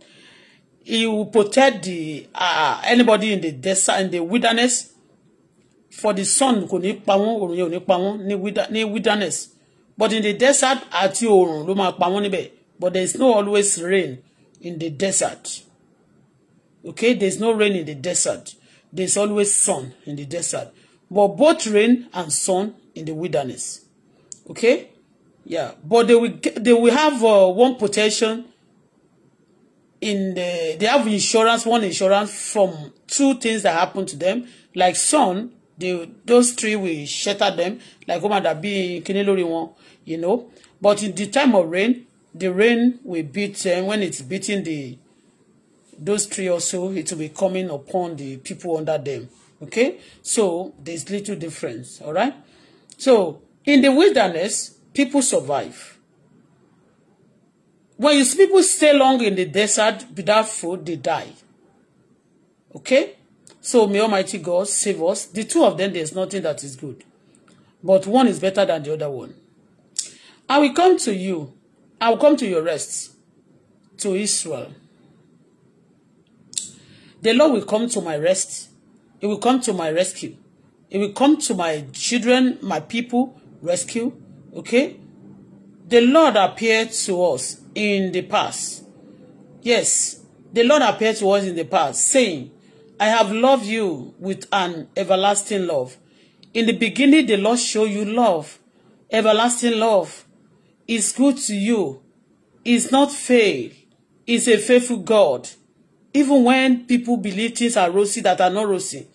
He will protect the uh, anybody in the desert in the wilderness for the sun kò ní pa wọ́n òrùn yẹn ò ní pa wọ́n ní wilderness but in the desert àti òrùn ló máa pa wọ́n níbẹ̀ but there is no always rain in the desert okay there is no rain in the desert there is always sun in the desert but both rain and sun in the wilderness okay yeah but they will they will have uh, one protection in the they have insurance one insurance from two things that happen to them like sun the those three will shatter them like woman that be kini one, you know but in the time of rain the rain will beat them when it's beating the those three also it will be coming upon the people under them okay so there's little difference all right so in the wilderness people survive when you see people stay long in the desert without food, they die. Okay? So may Almighty God save us. The two of them, there's nothing that is good. But one is better than the other one. I will come to you. I will come to your rest, to Israel. The Lord will come to my rest. He will come to my rescue. He will come to my children, my people, rescue. Okay? The Lord appeared to us in the past. Yes, the Lord appeared to us in the past, saying, I have loved you with an everlasting love. In the beginning, the Lord showed you love. Everlasting love is good to you. It's not fail. It's a faithful God. Even when people believe things are rosy that are not rosy,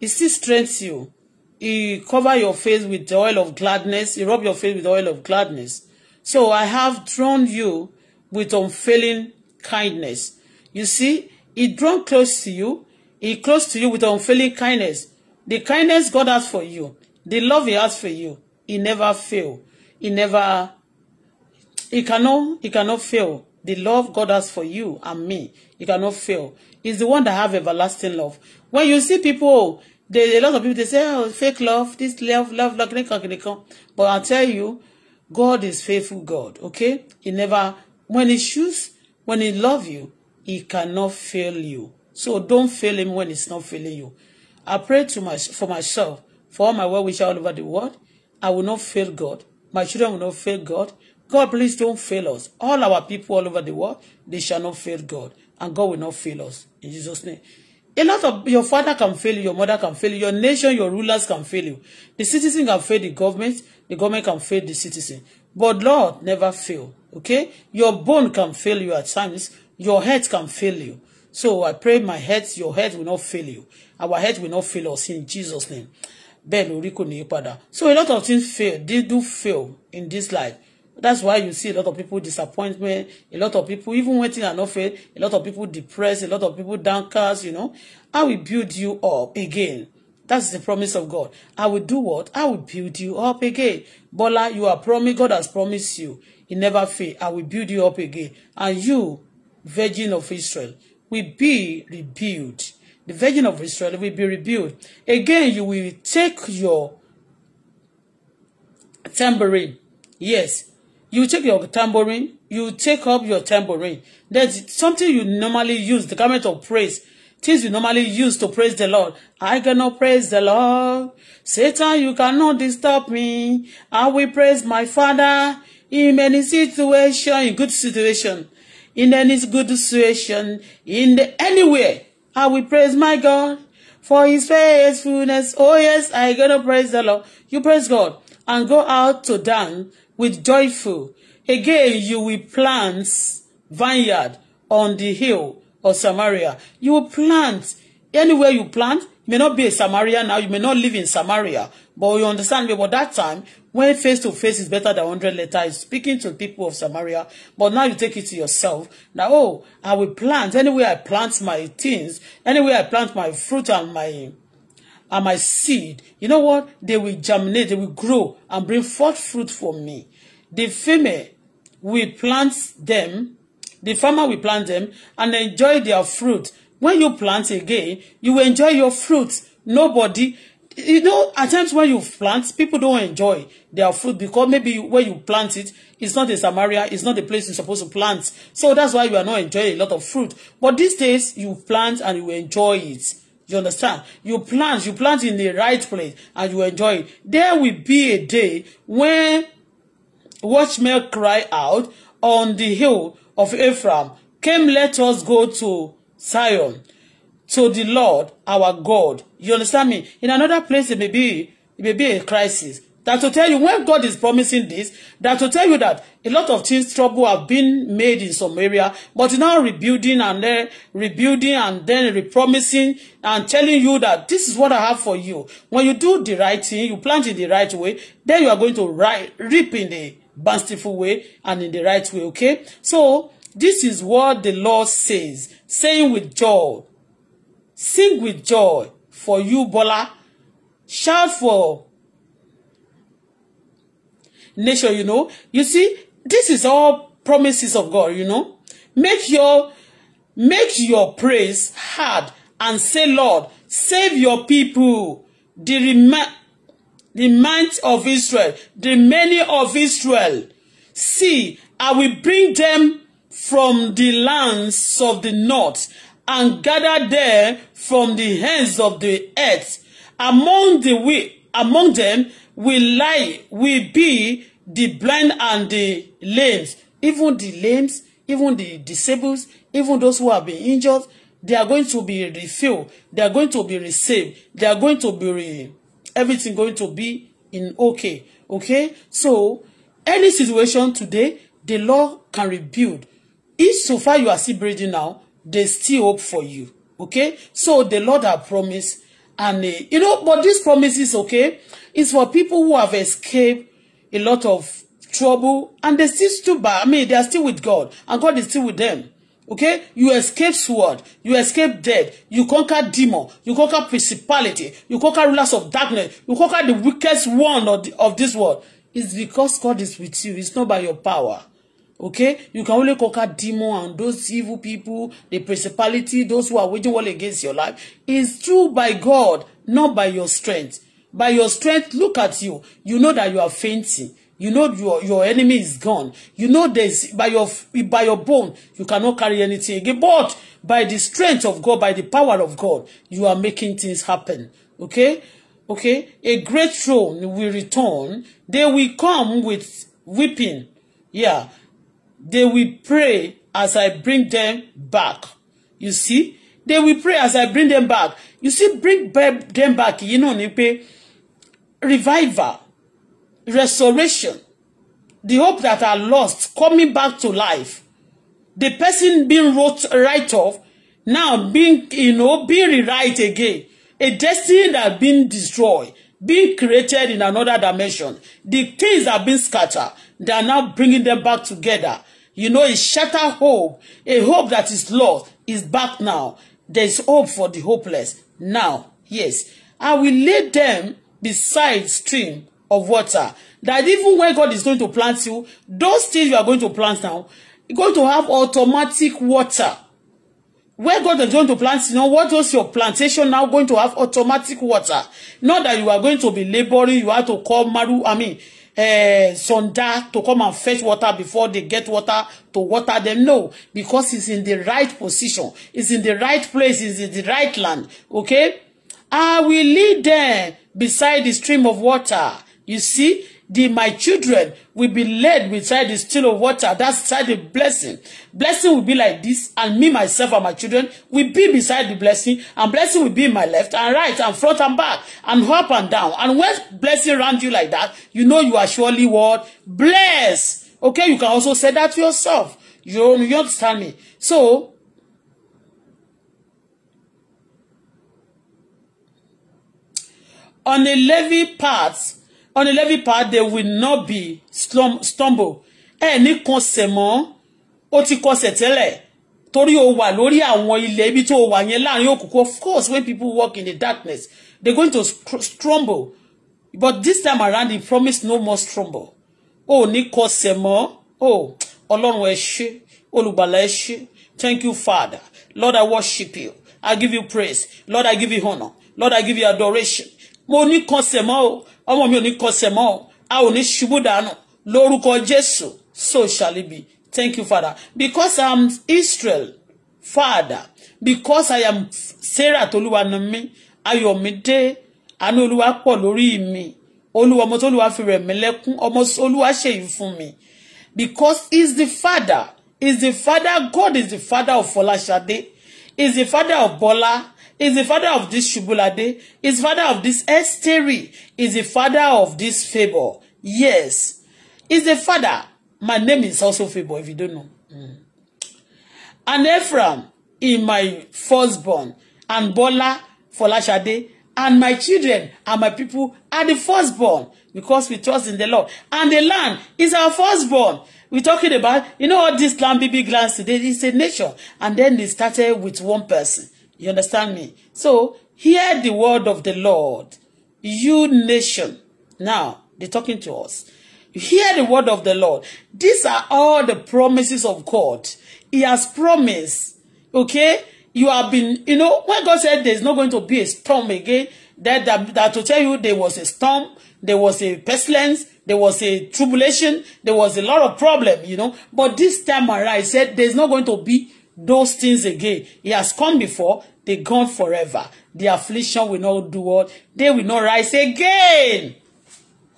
it still strengthens you. He cover your face with the oil of gladness. He rub your face with the oil of gladness. So I have drawn you with unfailing kindness. You see, he drawn close to you. He close to you with unfailing kindness. The kindness God has for you, the love he has for you, he never fail. He never, he cannot, he cannot fail. The love God has for you and me, he cannot fail. He's the one that have everlasting love. When you see people, they, a lot of people, they say, oh, fake love, this love, love, love, but I tell you, God is faithful God, okay? He never When he choose, when he love you, he cannot fail you. So don't fail him when he's not failing you. I pray to my, for myself, for all my well wishes all over the world. I will not fail God. My children will not fail God. God, please don't fail us. All our people all over the world, they shall not fail God. And God will not fail us. In Jesus' name. A lot of your father can fail you, your mother can fail you, your nation, your rulers can fail you. The citizen can fail the government, the government can fail the citizen. But Lord never fail okay your bone can fail you at times your head can fail you so i pray my head your head will not fail you our head will not fail us in jesus name Ben lórí kò so a lot of things fail they do fail in this life that's why you see a lot of people disappointment a lot of people even when things are not fail a lot of people depressed a lot of people downcast you know i will build you up again that's the promise of God i will do what i will build you up again Bola you are promised God has promised you He never fail. I will build you up again. And you, Virgin of Israel, will be rebuilt. The Virgin of Israel will be rebuilt. Again, you will take your tambourine. Yes, you take your tambourine. You take up your tambourine. That's something you normally use, the garment of praise. Things you normally use to praise the Lord. I cannot praise the Lord. Satan, you cannot disturb me. I will praise my Father in many situation in good situation in any good situation in the anywhere I will praise my God for his faithfulness oh yes I gonna praise the Lord you praise God and go out to dance with joyful again you will plant vineyard on the hill of Samaria you will plant anywhere you plant may not be a Samaria now, you may not live in Samaria, but you understand me. But that time, when face to face is better than 100 letters. speaking to people of Samaria, but now you take it to yourself. Now, oh, I will plant, anywhere I plant my things, anywhere I plant my fruit and my and my seed, you know what? They will germinate, they will grow and bring forth fruit for me. The female will plant them, the farmer will plant them and enjoy their fruit when you plant again you will enjoy your fruit nobody you know at times when you plant people don't enjoy their fruit because maybe where you plant it it's not a samaria it's not the place you're supposed to plant so that's why you are not enjoying a lot of fruit but these days you plant and you enjoy it you understand? You plant, you plant in the right place and you enjoy it. There will be a day when watchmen cry out on the hill of Ephraim, Came, let us go to Zion, to the Lord our God. You understand me? In another place, it may be it may be a crisis. That to tell you when God is promising this, that to tell you that a lot of things trouble have been made in some area, but now rebuilding and then rebuilding and then repromising and telling you that this is what I have for you. When you do the right thing, you plant in the right way, then you are going to ri reap in the bountiful way and in the right way. Okay, so this is what the Lord says saying with joy, sing with joy for you, Bola. Shout for nation, you know. You see, this is all promises of God, you know. Make your make your praise hard and say, Lord, save your people. The remind the might of Israel, the many of Israel. See, I will bring them from the lands of the north and gather there from the ends of the earth. Among the we among them will lie will be the blind and the lame, even the lame, even the disabled, even those who have been injured, they are going to be refilled, they are going to be received, they are going to be re everything going to be in okay. Okay? So any situation today, the Lord can rebuild if so far you are still breathing now they still hope for you okay so the Lord have promised and uh, you know but this promise is okay it's for people who have escaped a lot of trouble and they still stood by I mean they are still with God and God is still with them okay you escape sword you escape death you conquer demon you conquer principality you conquer rulers of darkness you conquer the weakest one of, the, of this world it's because God is with you it's not by your power Okay? You can only conquer demons and those evil people, the principality, those who are waging war against your life. It's true by God, not by your strength. By your strength, look at you. You know that you are fainting. You know your your enemy is gone. You know this by your by your bone you cannot carry anything again. But by the strength of God, by the power of God, you are making things happen. Okay, okay. A great throne will return. They will come with weeping. Yeah, They will pray as I bring them back. You see? They will pray as I bring them back. You see, bring them back, you know, ni pé revival, restoration, the hope that are lost coming back to life. The person being wrote right off, now being, you know, being rewrite again. A destiny that been destroyed, being created in another dimension. The things that have been scattered, they are now bringing them back together You know, a shattered hope. A hope that is lost is back now. There is hope for the hopeless now. Yes. I will lay them beside stream of water. That even when God is going to plant you, those things you are going to plant now, you're going to have automatic water. Where God is going to plant, you know, what was your plantation now going to have automatic water? Not that you are going to be laboring, you have to call Maru, I mean, uh, sonda to come and fetch water before they get water to water them. No, because it's in the right position. It's in the right place. It's in the right land. Okay? I will lead them beside the stream of water. You see? the my children will be led beside the still of water. That's beside the blessing. Blessing will be like this, and me, myself, and my children will be beside the blessing, and blessing will be in my left and right and front and back and up and down. And when blessing around you like that, you know you are surely what? Blessed. Okay, you can also say that to yourself. You, you understand me? So, on a levy path, on the level path they will not be slum, stumble ẹ ní kọsẹ̀ mọ́ ó ti kọsẹ̀ tẹ́lẹ̀ torí o wà lórí àwọn ilẹ̀ ibi tó o wà yẹn láàrin òkùnkùn of course when people walk in the darkness they going to stumble but this time around he promised no more stumble o ni kọsẹ̀ mọ́ o ọlọ́run ẹ ṣé olùgbàlà ẹ thank you father lord i worship you i give you praise lord i give you honor. lord i give you adoration mo ní kọsẹ̀ mọ́ o ọmọ mi ò ní kọsẹ̀ mọ́ o a ò ní ṣubú dànù lórúkọ Jésù so shall it be thank you father because i am Israel father because i am Sarah tolúwa ni mí ayọ̀ mi dé àánú olúwa pọ̀ lórí mi olúwa ọmọ tó fi rẹ̀ mí lẹ́kún ọmọ olúwa ṣèyí fún mi because he is the father he is the father God is the father of Fọláṣadé he is the father of Bọ́lá. Is the father of this Shubulade. He's the father of this Esteri. Is the father of this Favor. Yes. Is the father. My name is also Favor, if you don't know. Mm. And Ephraim in my firstborn, and Bola Folashade, and my children and my people are the firstborn because we trust in the Lord. And the land is our firstborn. We're talking about, you know, what this land, big lands today, it's a nation. And then they started with one person. You understand me? So hear the word of the Lord, you nation. Now they're talking to us. Hear the word of the Lord. These are all the promises of God. He has promised. Okay? You have been, you know, when God said there's not going to be a storm again, that, that, that to tell you there was a storm, there was a pestilence, there was a tribulation, there was a lot of problem, you know. But this time around, I said there's not going to be those things again. He has come before, they gone forever. The affliction will not do what? They will not rise again.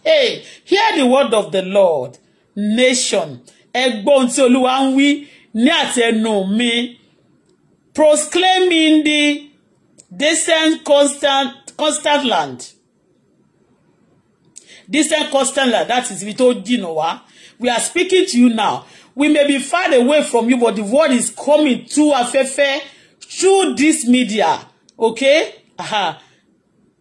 Hey, hear the word of the Lord. Nation, ẹ gbọ́ ohun tí Olúwa ń mi. Proclaiming the distant constant constant land. Distant constant land, that is ibi tó jìnnà wá. We are speaking to you now. We may be far away from you, but the word is coming through Afefe, through this media. Okay? uh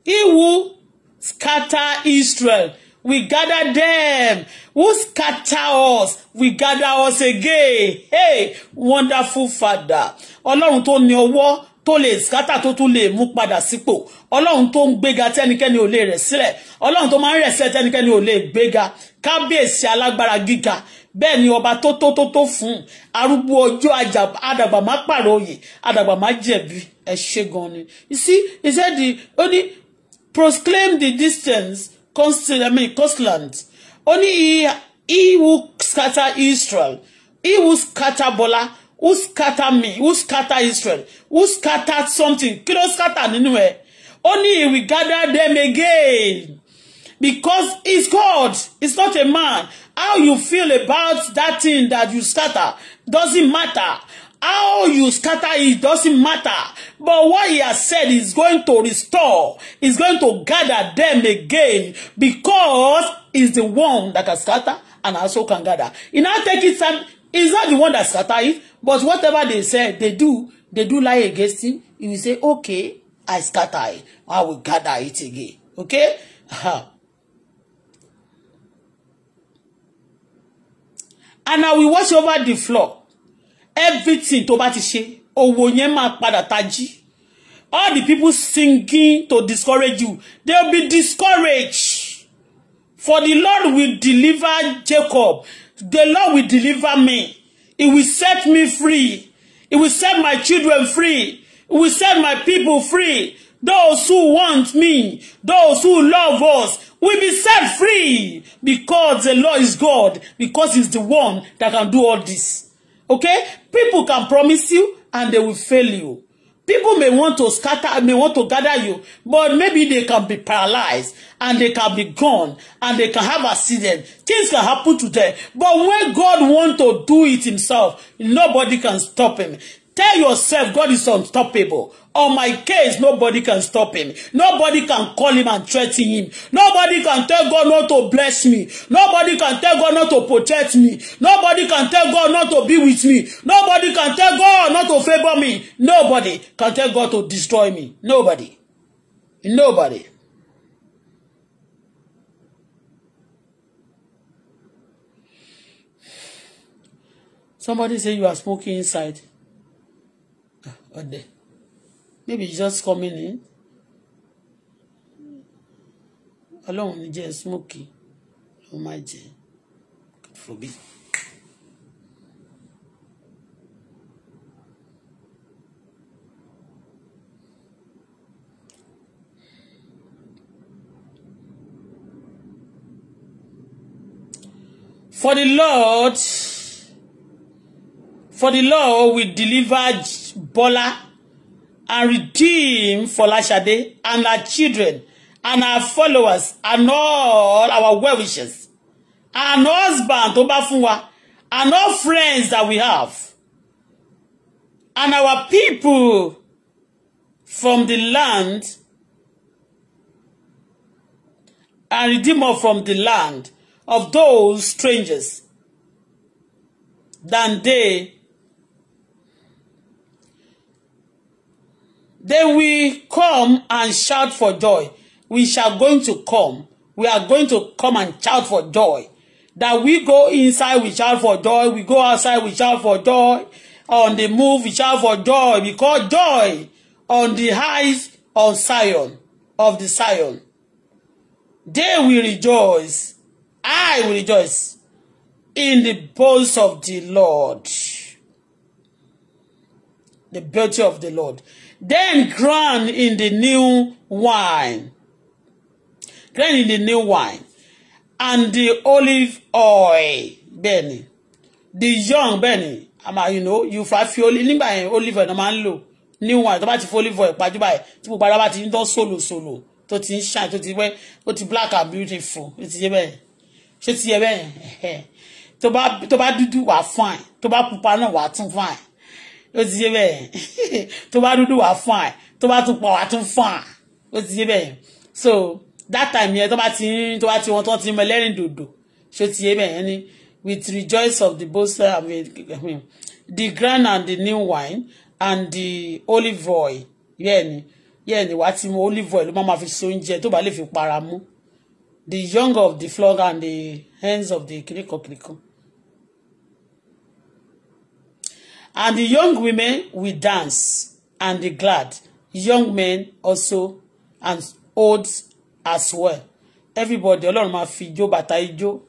He who scatter Israel, we gather them. Who scatter us, we gather us again. Hey, wonderful Father. Ọlọ́run tó ní ọwọ́ tó lè scatter tó tún lè mú padà sípò. Ọlọ́run tó ń gbéga tẹ́nikẹ́ni ò lè rẹ̀ sílẹ̀. Ọlọ́run tó máa ń rẹ̀ sílẹ̀ tẹ́nikẹ́ni ò lè gbéga bẹ́ẹ̀ ni ọba tó tó tó tó fún un arúgbó ọjọ́ àdàgbà má pààrọ̀ oyè àdàgbà má jẹ̀bi ẹ̀ ṣe gan ni you see he said the ó ní proclaim the distance coastal I mean coastland ó ní he, he who scatter Israel he who scatter Bola who scatter me who scatter Israel who scatter something kí ló scatter nínú ẹ̀ ó ní he will gather them again because he's God he's not a man How you feel about that thing that you scatter doesn't matter. How you scatter it doesn't matter. But what he has said is going to restore, is going to gather them again because he's the one that can scatter and also can gather. He now take it and he's not the one that scatter it, but whatever they say, they do, they do lie against him. He will say, okay, I scatter it. I will gather it again. Okay? and I will watch over the floor everything to bá ti ṣe owó yẹn máa padà tají all the people singing to discourage you they will be discouraged for the Lord will deliver Jacob the Lord will deliver me he will set me free he will set my children free he will set my people free Those who want me, those who love us, will be set free because the Lord is God, because He's the one that can do all this. Okay? People can promise you and they will fail you. People may want to scatter, may want to gather you, but maybe they can be paralyzed and they can be gone and they can have accident. Things can happen to them. But when God wants to do it himself, nobody can stop him. Tell yourself God is unstoppable. On my case, nobody can stop him. Nobody can call him and threaten him. Nobody can tell God not to bless me. Nobody can tell God not to protect me. Nobody can tell God not to be with me. Nobody can tell God not to favor me. Nobody can tell God to destroy me. Nobody. Nobody. Somebody say you are smoking inside ọdẹ maybe he's just coming in eh? ọlọ́run ní jẹ́ smoky ló má jẹ́ fobi. For the Lord. For the law, will deliver Bola and redeem Folashade and our children and our followers and all our well wishes and husband and all friends that we have and our people from the land and redeem us from the land of those strangers than they They will come and shout for joy. We shall going to come. We are going to come and shout for joy. That we go inside, we shout for joy. We go outside, we shout for joy. On the move, we shout for joy. We call joy on the heights of Zion, of the Zion. They will rejoice. I will rejoice in the bones of the Lord. The beauty of the Lord then ground in the new wine. Ground in the new wine. And the olive oil. Bẹ́ẹ̀ni. The young bẹ́ẹ̀ni. Àmà you know you fà fi olive nígbà yẹn olive oil náà máa ń lò. New wine tó bá ti fi olive oil pàjùbà yẹn tí gbogbo ara bá ti ń dán sòlòsòlò tó ti ń ṣàn tó ti wẹ́ ó ti black and beautiful ó ti yé bẹ́ẹ̀ ṣé ti yé bẹ́ẹ̀ tó bá dúdú wà fine tó bá pupa náà wà tún fine ó ti yé bẹ́ẹ̀ tó bá dúdú wàá fún à tó bá tún pọ̀ wàá tún fún à ó ti yé bẹ́ẹ̀ so that time yẹn tó bá ti tó bá ti wọn tó ti mọ ẹlẹ́rìn dòdò ṣó ti yé bẹ́ẹ̀ ni with rejoice of the bolster I the grand and the new wine and the olive oil yẹ́ẹ̀ ni yẹ́ẹ̀ ni wàá ti mu olive oil ló máa fi ṣe oúnjẹ tó bá lè fi para mú the young of the flock and the hands of the kirikokiriko. And the young women will dance and be glad. Young men also and old as well. Everybody, Ọlọ́run máa fi ijó bàtà Ijo,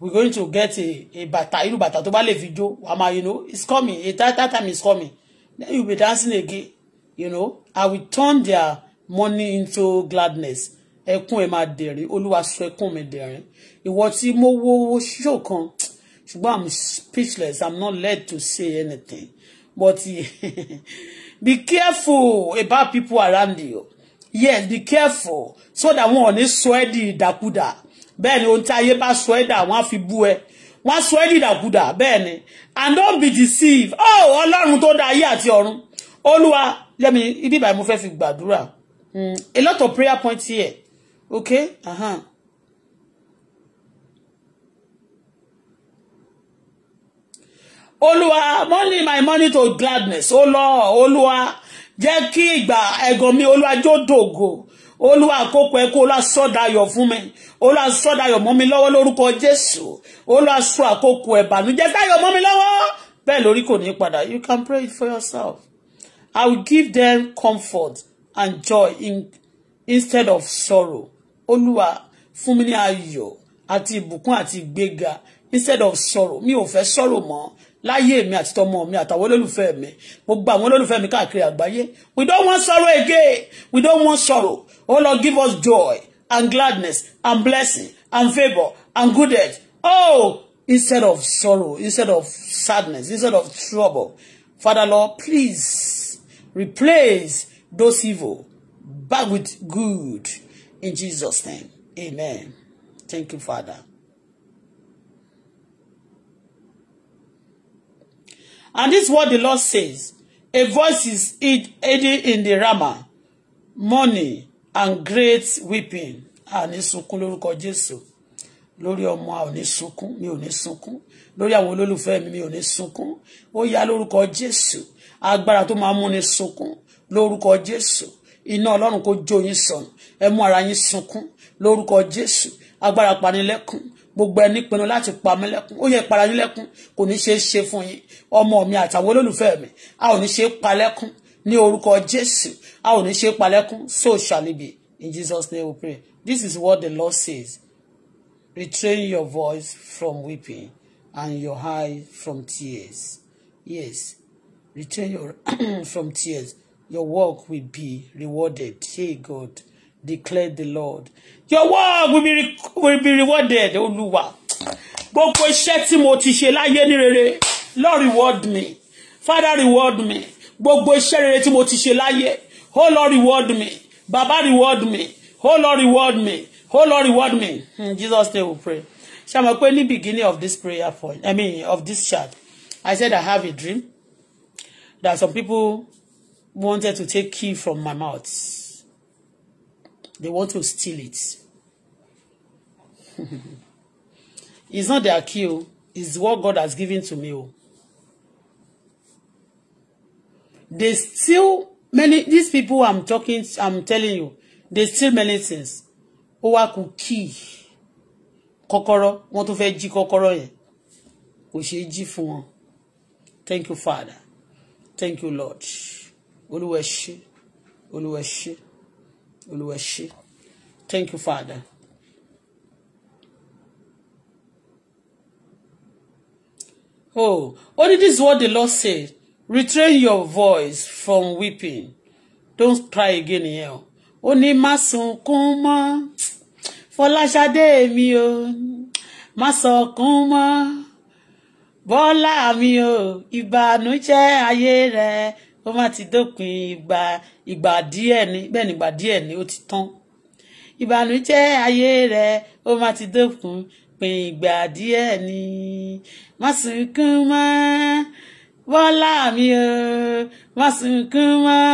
We're going to get a, a bàtà irú bàtà tó bá lè fi jó. Wàmà, you know, it's coming. It that, time is coming. Then you be dancing again. You know, I will turn their money into gladness. Ẹkún ẹ̀ máa dẹ̀rín. Olúwa sọ ẹkún mi dẹ̀rín. Ìwọ tí mo wo show kan ṣùgbọ́n i'm speechless i'm not led to say anything but be careful about people around you yes be careful so that wọn ò ní sọ ẹ́ di ìdàkudà bẹ́ẹ̀ ni ohun tí ayé bá sọ ẹ́ dà wọ́n á fi bú ẹ wọ́n á sọ ẹ́ di ìdàkudà bẹ́ẹ̀ ni and don't be deceived oh ọlọ́run tó dá ayé àti ọ̀run olúwa lẹ́mi ibi ìbàyẹ̀ mo fẹ́ fi gbàdúrà hmm, a lot of prayer points here okay. Uh -huh. olúwa money my money to gladness ó oh lọ olúwa jẹ́ kí ìgbà ẹ̀gàn mi olúwa jó dògo olúwa àkókò ẹ̀kọ́ olúwa sọ́dayọ̀ fún mi olúwa sọ́dayọ̀ mọ́ mi lọ́wọ́ lórúkọ jésù olúwa sọ àkókò ẹ̀bànújẹ́ dayọ̀ mọ́ mi lọ́wọ́ bẹ́ẹ̀ lórí kò ní padà you can pray it for yourself i will give them comfort and joy in, instead of sorrow olúwa fún mi ní ayọ̀ àti ìbùkún àti ìgbéga instead of sorrow mi ò fẹ́ sorrow mọ́ láyé mi àti tọmọ mi àtàwọn olólùfẹ́ mi gbogbo àwọn olólùfẹ́ mi káàkiri àgbáyé we don't want sorrow again we don't want sorrow oh Lord give us joy and gladness and blessing and favour and goodness. oh instead of sorrow instead of sadness instead of trouble Father Lord please replace those evil back with good in Jesus name amen thank you Father. And this is what the Lord says. A voice is heard in the Ramah, money and great weeping. A ní sunkún lórúkọ Jésù. Lórí ọmọ a ò ní mi ò ní sunkún. Lórí àwọn mi, mi ò ní sunkún. Ó yá lórúkọ Jésù. Agbára tó máa ni sunkún lórúkọ Jésù. Iná Ọlọ́run kó jó yín sọnù. Ẹ mú ara yín sunkún lórúkọ Jésù. Agbára panilẹ́kún gbogbo ẹni pinnu láti pa mí lẹ́kún ó yẹ para yín lẹ́kún kò ní ṣe é ṣe fún yín ọmọ mi àtàwọn olólùfẹ́ mi a ò ní ṣe é pa lẹ́kún ní orúkọ Jésù a ò ní ṣe é pa lẹ́kún so shall it be in Jesus name we pray this is what the Lord says retrain your voice from weeping and your eye from tears yes retrain your from tears your work will be rewarded hey God declared the Lord. Your work will be, will be rewarded, Oluwa, Gbogbo iṣẹ́ tí mo ti ṣe láyé ní rere, Lord reward me. Father reward me. Gbogbo iṣẹ́ rere tí mo ti ṣe láyé, oh Lord reward me. Baba reward me. Oh Lord reward me. Oh Lord reward me. In Jesus' name we pray. Ṣé mo pé ní beginning of this prayer for, I mean of this chat, I said I have a dream that some people wanted to take key from my mouth. They want to steal it. It's not their cue. Oh. It's what God has given to me. Oh. They steal many, these people I'm talking, I'm telling you, they steal many things. Owa wá kù key. Kọ́kọ́rọ́, wọ́n tún fẹ́ jí kọ́kọ́rọ́ yẹn. Kò Thank you, Father. Thank you, Lord. Olúwa ṣé olúwa ṣe thank you father. Oh, only this is what the Lord said. Retrain your voice from weeping. Don't cry again here. Ó ní má sunkún mọ́. Fọláṣadé mi o. Má sunkún mọ́. Bọ́lá mi o. Ìbànújẹ́ ayé rẹ ó má ti dópin ìgbà ìgbà díẹ̀ ni bẹ́ẹ̀ ni díẹ̀ ni ó ti tán ìbànújẹ́ ayé rẹ̀ ó má ti dópin pin ìgbà díẹ̀ ni má sunkún mọ́ bọ́lá mi o má sunkún mọ́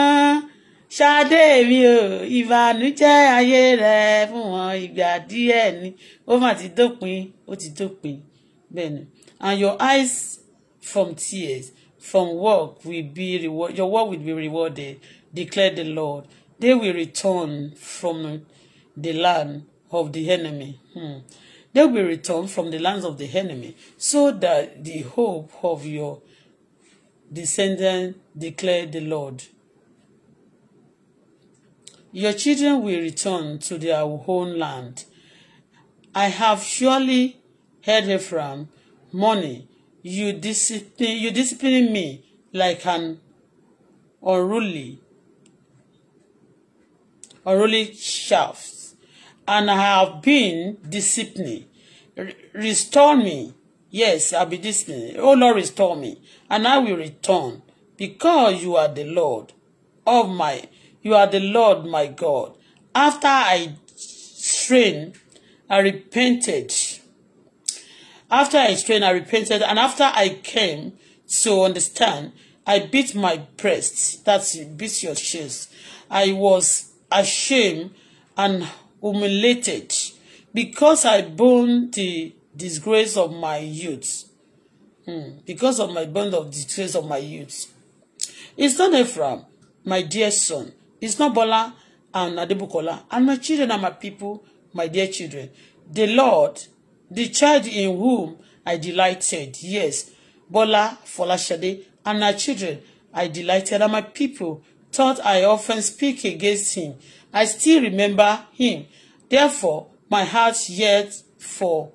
ṣadé mi o ìbànújẹ́ ayé rẹ̀ fún wọn ìgbà díẹ̀ ni ó má ti dópin ó ti dópin bẹ́ẹ̀ ni and your eyes from tears from work will be reward your work will be rewarded declared the Lord they will return from the land of the enemy hmm. they will return from the lands of the enemy so that the hope of your descendants declared the Lord your children will return to their own land I have surely heard Ephraim money." you discipline you discipline me like an unruly unruly shaft and I have been disciplined restore me yes I be disciplined oh Lord restore me and I will return because you are the Lord of my you are the Lord my God after I strained I repented After I strained, I repented, and after I came to understand, I beat my breast. That's it, beat your chest. I was ashamed and humiliated because I borne the disgrace of my youth. Hmm. Because of my bond of disgrace of my youth. It's not Ephraim, my dear son. It's not Bola and Adebukola and my children are my people, my dear children. The Lord The child in whom I delighted, yes, Bola Folashade, and her children I delighted, and my people thought I often speak against him. I still remember him. Therefore, my heart yearned for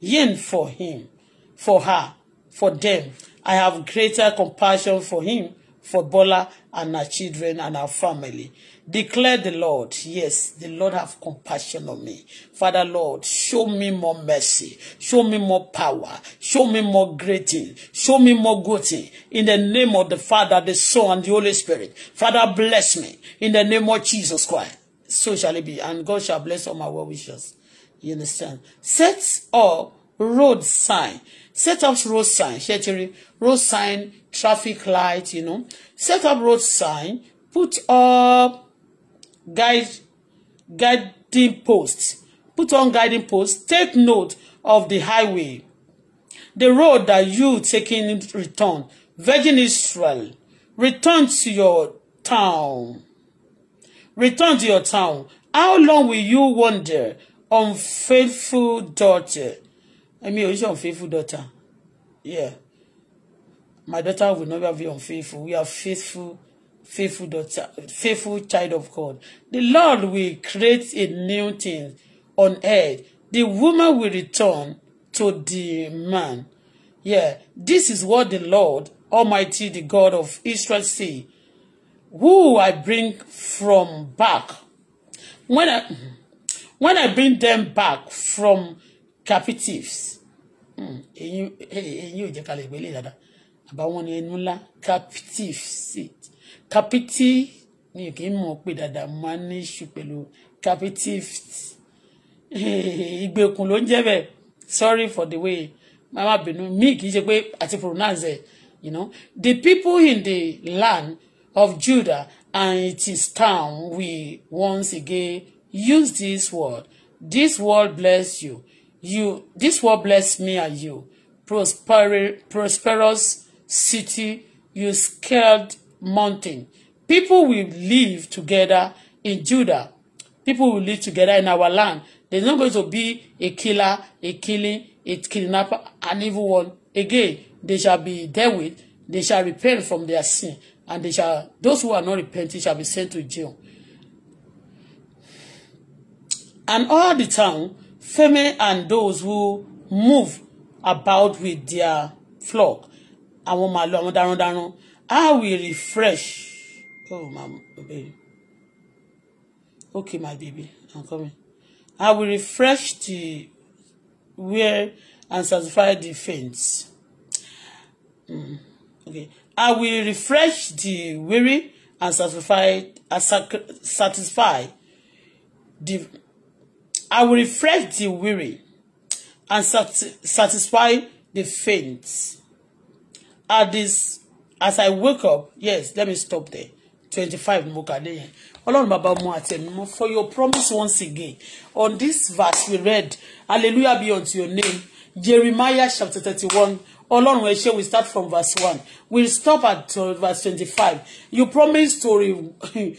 yearned for him, for her, for them. I have greater compassion for him, for Bola and her children and her family. Declare the Lord, yes, the Lord have compassion on me. Father Lord, show me more mercy, show me more power, show me more greeting, show me more good In the name of the Father, the Son, and the Holy Spirit. Father, bless me. In the name of Jesus Christ. So shall it be. And God shall bless all my well wishes. You understand? Set up road sign. Set up road sign. Shetiri, road sign, traffic light, you know. Set up road sign. Put up guide guiding posts put on guiding posts take note of the highway the road that you taking return virgin Israel return to your town return to your town how long will you wander unfaithful daughter I mean your unfaithful daughter yeah my daughter will never be unfaithful we are faithful faithful daughter, faithful child of God. The Lord will create a new thing on earth. The woman will return to the man. Yeah, this is what the Lord Almighty, the God of Israel, say, who I bring from back. When I, when I bring them back from captives, Hmm. ẹ̀yin ò jẹ́ ká lè gbélé dáadáa àbáwọn captives See capiti mi kì í mọ̀ pé dáadáa mo máa ń ní iṣu pẹ̀lú capitivist ìgbèkùn ló ń jẹ́ bẹ́ẹ̀ sorry for the way mama bínú mi kì í ṣe pé àti pronounce ẹ̀ you know the people in the land of Judah and it is town we once again use this word this word bless you you this word bless me and you prosperous prosperous city you scared mountain. People will live together in Judah. People will live together in our land. There's not going to be a killer, a killing, a kidnapper, an evil one. Again, they shall be dealt with. They shall repent from their sin. And they shall, those who are not repenting shall be sent to jail. And all the town, Femi and those who move about with their flock, I want my àwọn màlúù, àwọn darandaran, I will refresh. Oh, my baby. Okay, my baby, I'm coming. I will refresh the wear and satisfy the faints. Mm, okay. I will refresh the weary and satisfy, uh, satisfy the. I will refresh the weary and sat satisfy the faint. At this as i wake up yes let me stop there twenty-five mo kà lẹ́yìn ọlọ́run bàbá ọmọ àti ẹ̀mí mọ́ for your promise once again on this verse we read hallelujah be unto your name jeremiah chapter thirty-one ọlọ́run ẹ ṣé we start from verse one we stop at uh, verse twenty-five you promise to re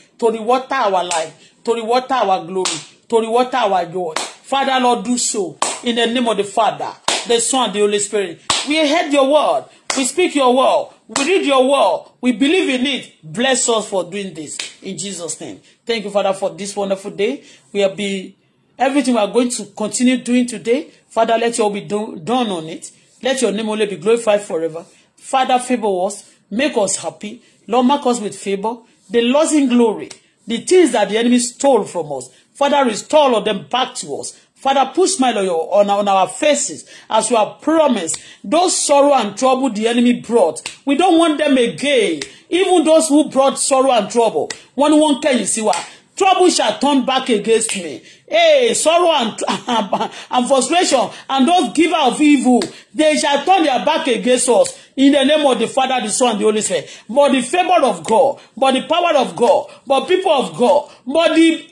to rewater our life to rewater our glory to rewater our joy father lord do so in the name of the father the son and the holy spirit we heard your word We speak your word. We read your word. We believe in it. Bless us for doing this. In Jesus' name. Thank you, Father, for this wonderful day. We have been, everything we are going to continue doing today. Father, let your will be do, done on it. Let your name only be glorified forever. Father, favor us. Make us happy. Lord, mark us with favor. The loss in glory. The things that the enemy stole from us. Father, restore them back to us Father, put smile on, your, on, on our faces as you have promised. Those sorrow and trouble the enemy brought, we don't want them again. Even those who brought sorrow and trouble, one one can you see what? Trouble shall turn back against me hey, sorrow and, and frustration and those giver of evil, they shall turn their back against us. In the name of the Father, the Son, and the Holy Spirit. But the favor of God, but the power of God, but people of God, but the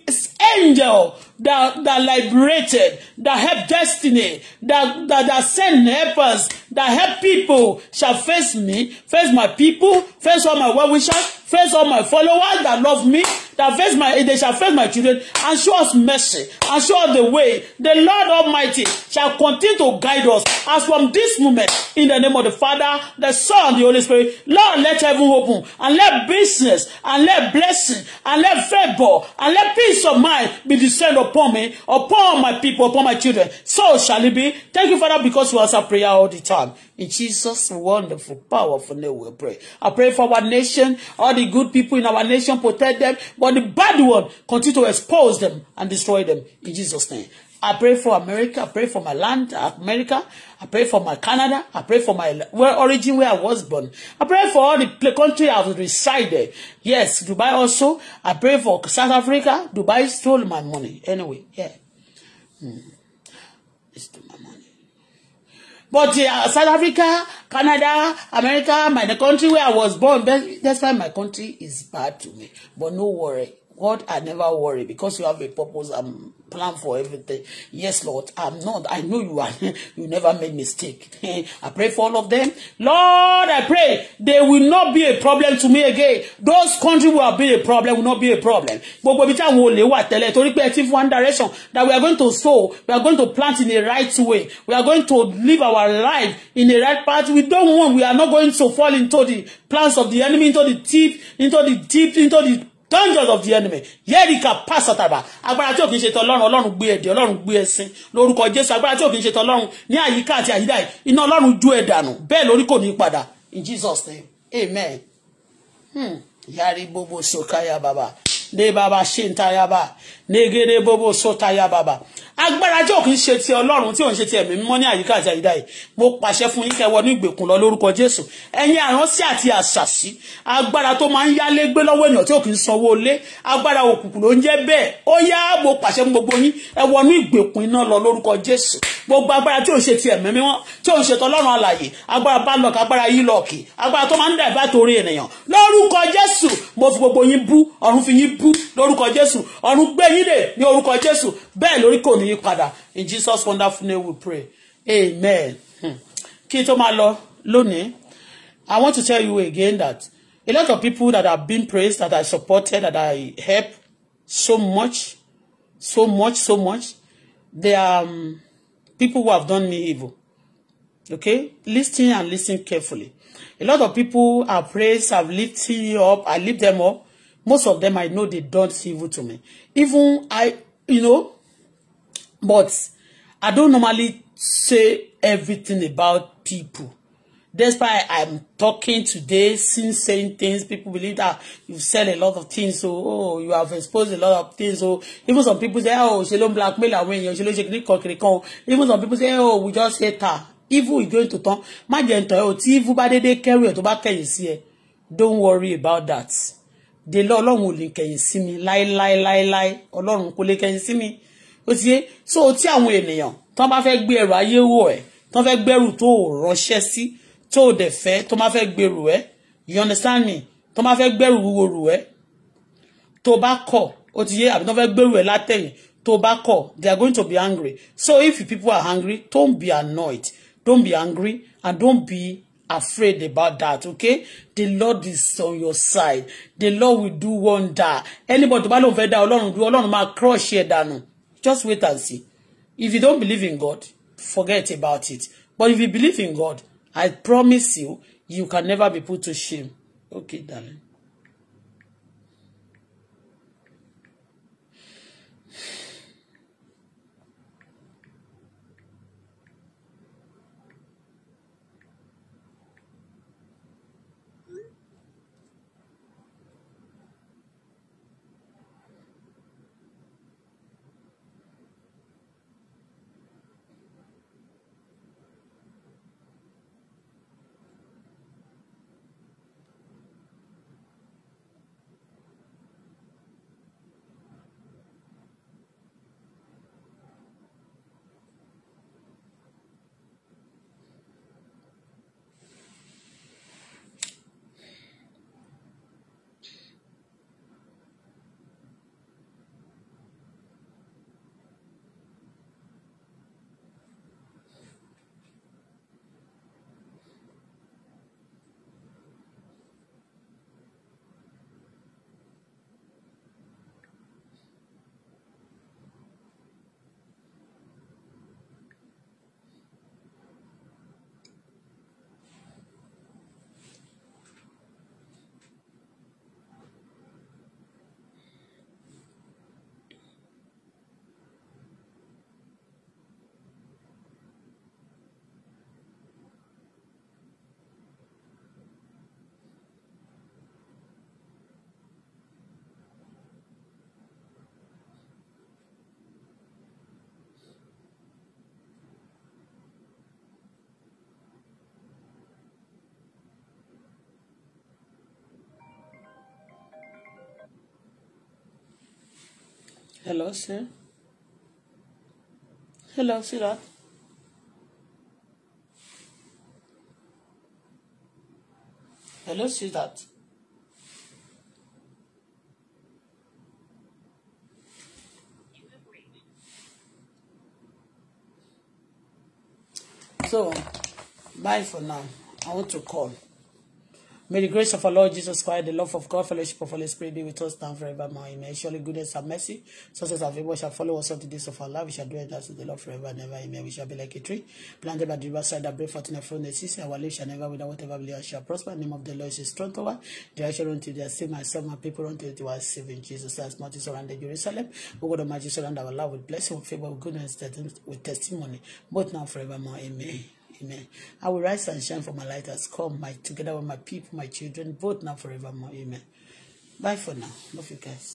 angel that, that liberated, that help destiny, that, that, that send helpers, that help people shall face me, face my people, face all my well-wishers, face all my followers that love me, that face my, they shall face my children, and show us mercy and show us the way. The Lord Almighty shall continue to guide us as from this moment in the name of the Father, the Son, the Holy Spirit. Lord, let heaven open and let business and let blessing and let favor and let peace of mind be descend upon me, upon my people, upon my children. So shall it be. Thank you, Father, because you answer prayer all the time. In Jesus' wonderful, powerful name we pray. I pray for our nation, all the good people in our nation, protect them, but the bad one, continue to expose them and destroy them them in Jesus' name. I pray for America. I pray for my land, America. I pray for my Canada. I pray for my where origin where I was born. I pray for all the country I've resided. Yes, Dubai also. I pray for South Africa. Dubai stole my money. Anyway, yeah. Hmm. They stole my money. But uh, South Africa, Canada, America, my the country where I was born, that's why my country is bad to me. But no worry. God, I never worry because you have a purpose and plan for everything. Yes, Lord, I'm not. I know you are. you never made mistake. I pray for all of them. Lord, I pray they will not be a problem to me again. Those countries will be a problem, will not be a problem. But we will olè wà tẹ́lẹ̀ torí pé ẹ one direction that we are going to sow, we are going to plant in the right way, we are going to live our life in the right path. We don't want, we are not going to fall into the plans of the enemy, into the deep, into the deep, into the dungeons of the enemy yẹ́ríkà pásọ̀tàbà agbára tí ò kì í ṣe tọ́ ọlọ́run ọlọ́run gbé ẹ̀dẹ̀ ọlọ́run gbé ẹ̀sìn lórúkọ jésù agbára tí ò kì í ṣe tọ́ ọlọ́run ní àyíká àti àyídà ju ẹ̀ dànù bẹ́ẹ̀ lórí kò ní in jesus name amen. Hmm. yàrá gbogbo sọ̀káyà baba. Ne baba ṣe ń tayaba ní gẹ́gẹ́ gbogbo sọ̀tayà bàbá agbára tí ò kì í ṣe ti ọlọ́run tí ò ń ṣe ti ẹ̀mí mímọ́ ní àyíká àti àyídá yìí mo pàṣẹ fún yín kẹwọ́ ní ìgbèkùn lọ lórúkọ jésù ẹ̀yin àránsí àti àṣàṣì agbára tó máa ń yálé gbé lọ́wọ́ ènìyàn tí ò kì í sanwó lé agbára òkùnkùn ló ń jẹ́ bẹ́ẹ̀ ó yá mo pàṣẹ fún gbogbo yín ẹwọ́ ní ìgbèkùn iná lọ lórúkọ jésù gbogbo agbára tí ò ṣe ti ẹ̀mí mímọ́ tí ò ń ṣe tọlọ́run alàyè agbára bálọ̀kì agbára yílọ̀kì agbára tó máa ń dà bá torí ènìyàn lórúkọ jésù mo fi gbogbo yín bú ọ̀run fi yín bú lórúkọ jésù ọ̀run gbé yín lè ní orúkọ jésù bẹ́ẹ̀ lórí kò ní í padà in Jesus wonderful name we pray amen hmm. kí n tó máa lọ lónìí I want to tell you again that a lot of people that have been praised that I supported that I help so much so much so much they are um, people who have done me evil okay listen and listen carefully a lot of people are praised have lifted you up I lift them up most of them I know they don't evil to me even I you know But I don't normally say everything about people. That's why I'm talking today, since saying things, people believe that you've said a lot of things, so oh, you have exposed a lot of things. So even some people say, oh, she don't blackmail her when you she don't Even some people say, oh, we just hate her. If we going to talk, my gentle, n tàn ẹ́ o, tí evil bá dédé kẹ́rù ẹ̀ tó bá kẹ̀yìn sí ẹ. Don't worry about that. Délé Ọlọ́run ò lè kẹ̀yìn sí mi láéláéláéláé. Ọlọ́run kò lè kẹ̀yìn sí mi ó ti yé so tí àwọn ènìyàn tán bá fẹ́ gbé ẹrù ayé wò ẹ̀ tán fẹ́ gbẹ́rù tó ránṣẹ́ sí tó dẹ̀ fẹ́ tó má fẹ́ gbèrú ẹ̀ you understand me tó má fẹ́ gbẹ́rù wúwo rù ẹ̀ tó bá kọ̀ ó ti yé àbí tán fẹ́ gbèrú ẹ̀ látẹ̀yìn tó bá kọ̀ they are going to be angry so if people are angry don't be annoyed don't be angry and don't be afraid about that okay the lord is on your side the lord will do wonder anybody tó bá lóun fẹ́ dá ọlọ́run dúró ọlọ́run máa crush ẹ̀ dànù Just wait and see. If you don't believe in God, forget about it. But if you believe in God, I promise you, you can never be put to shame. Okay, darling. Hello, sir. Hello, sweetheart. Hello, sweetheart. So, bye for now. I want to call. May the grace of our Lord Jesus Christ, the love of God, fellowship of Holy Spirit be with us now forevermore. Amen. Surely goodness and mercy, success and favor shall follow us all the days of our life. We shall dwell in the Lord forever and ever. Amen. We shall be like a tree planted by the riverside that break forth in the front of the season. Our life shall never without whatever we shall prosper. In The name of the Lord is strong tower. Direction unto their save myself, my people run unto it was saving Jesus as much as surrounded Jerusalem. O God Almighty, surround our life with blessing, with favor, with goodness, with testimony, both now forevermore. Amen. Amen. I will rise and shine for my light has come, my together with my people, my children, both now forevermore. Amen. Bye for now. Love you guys.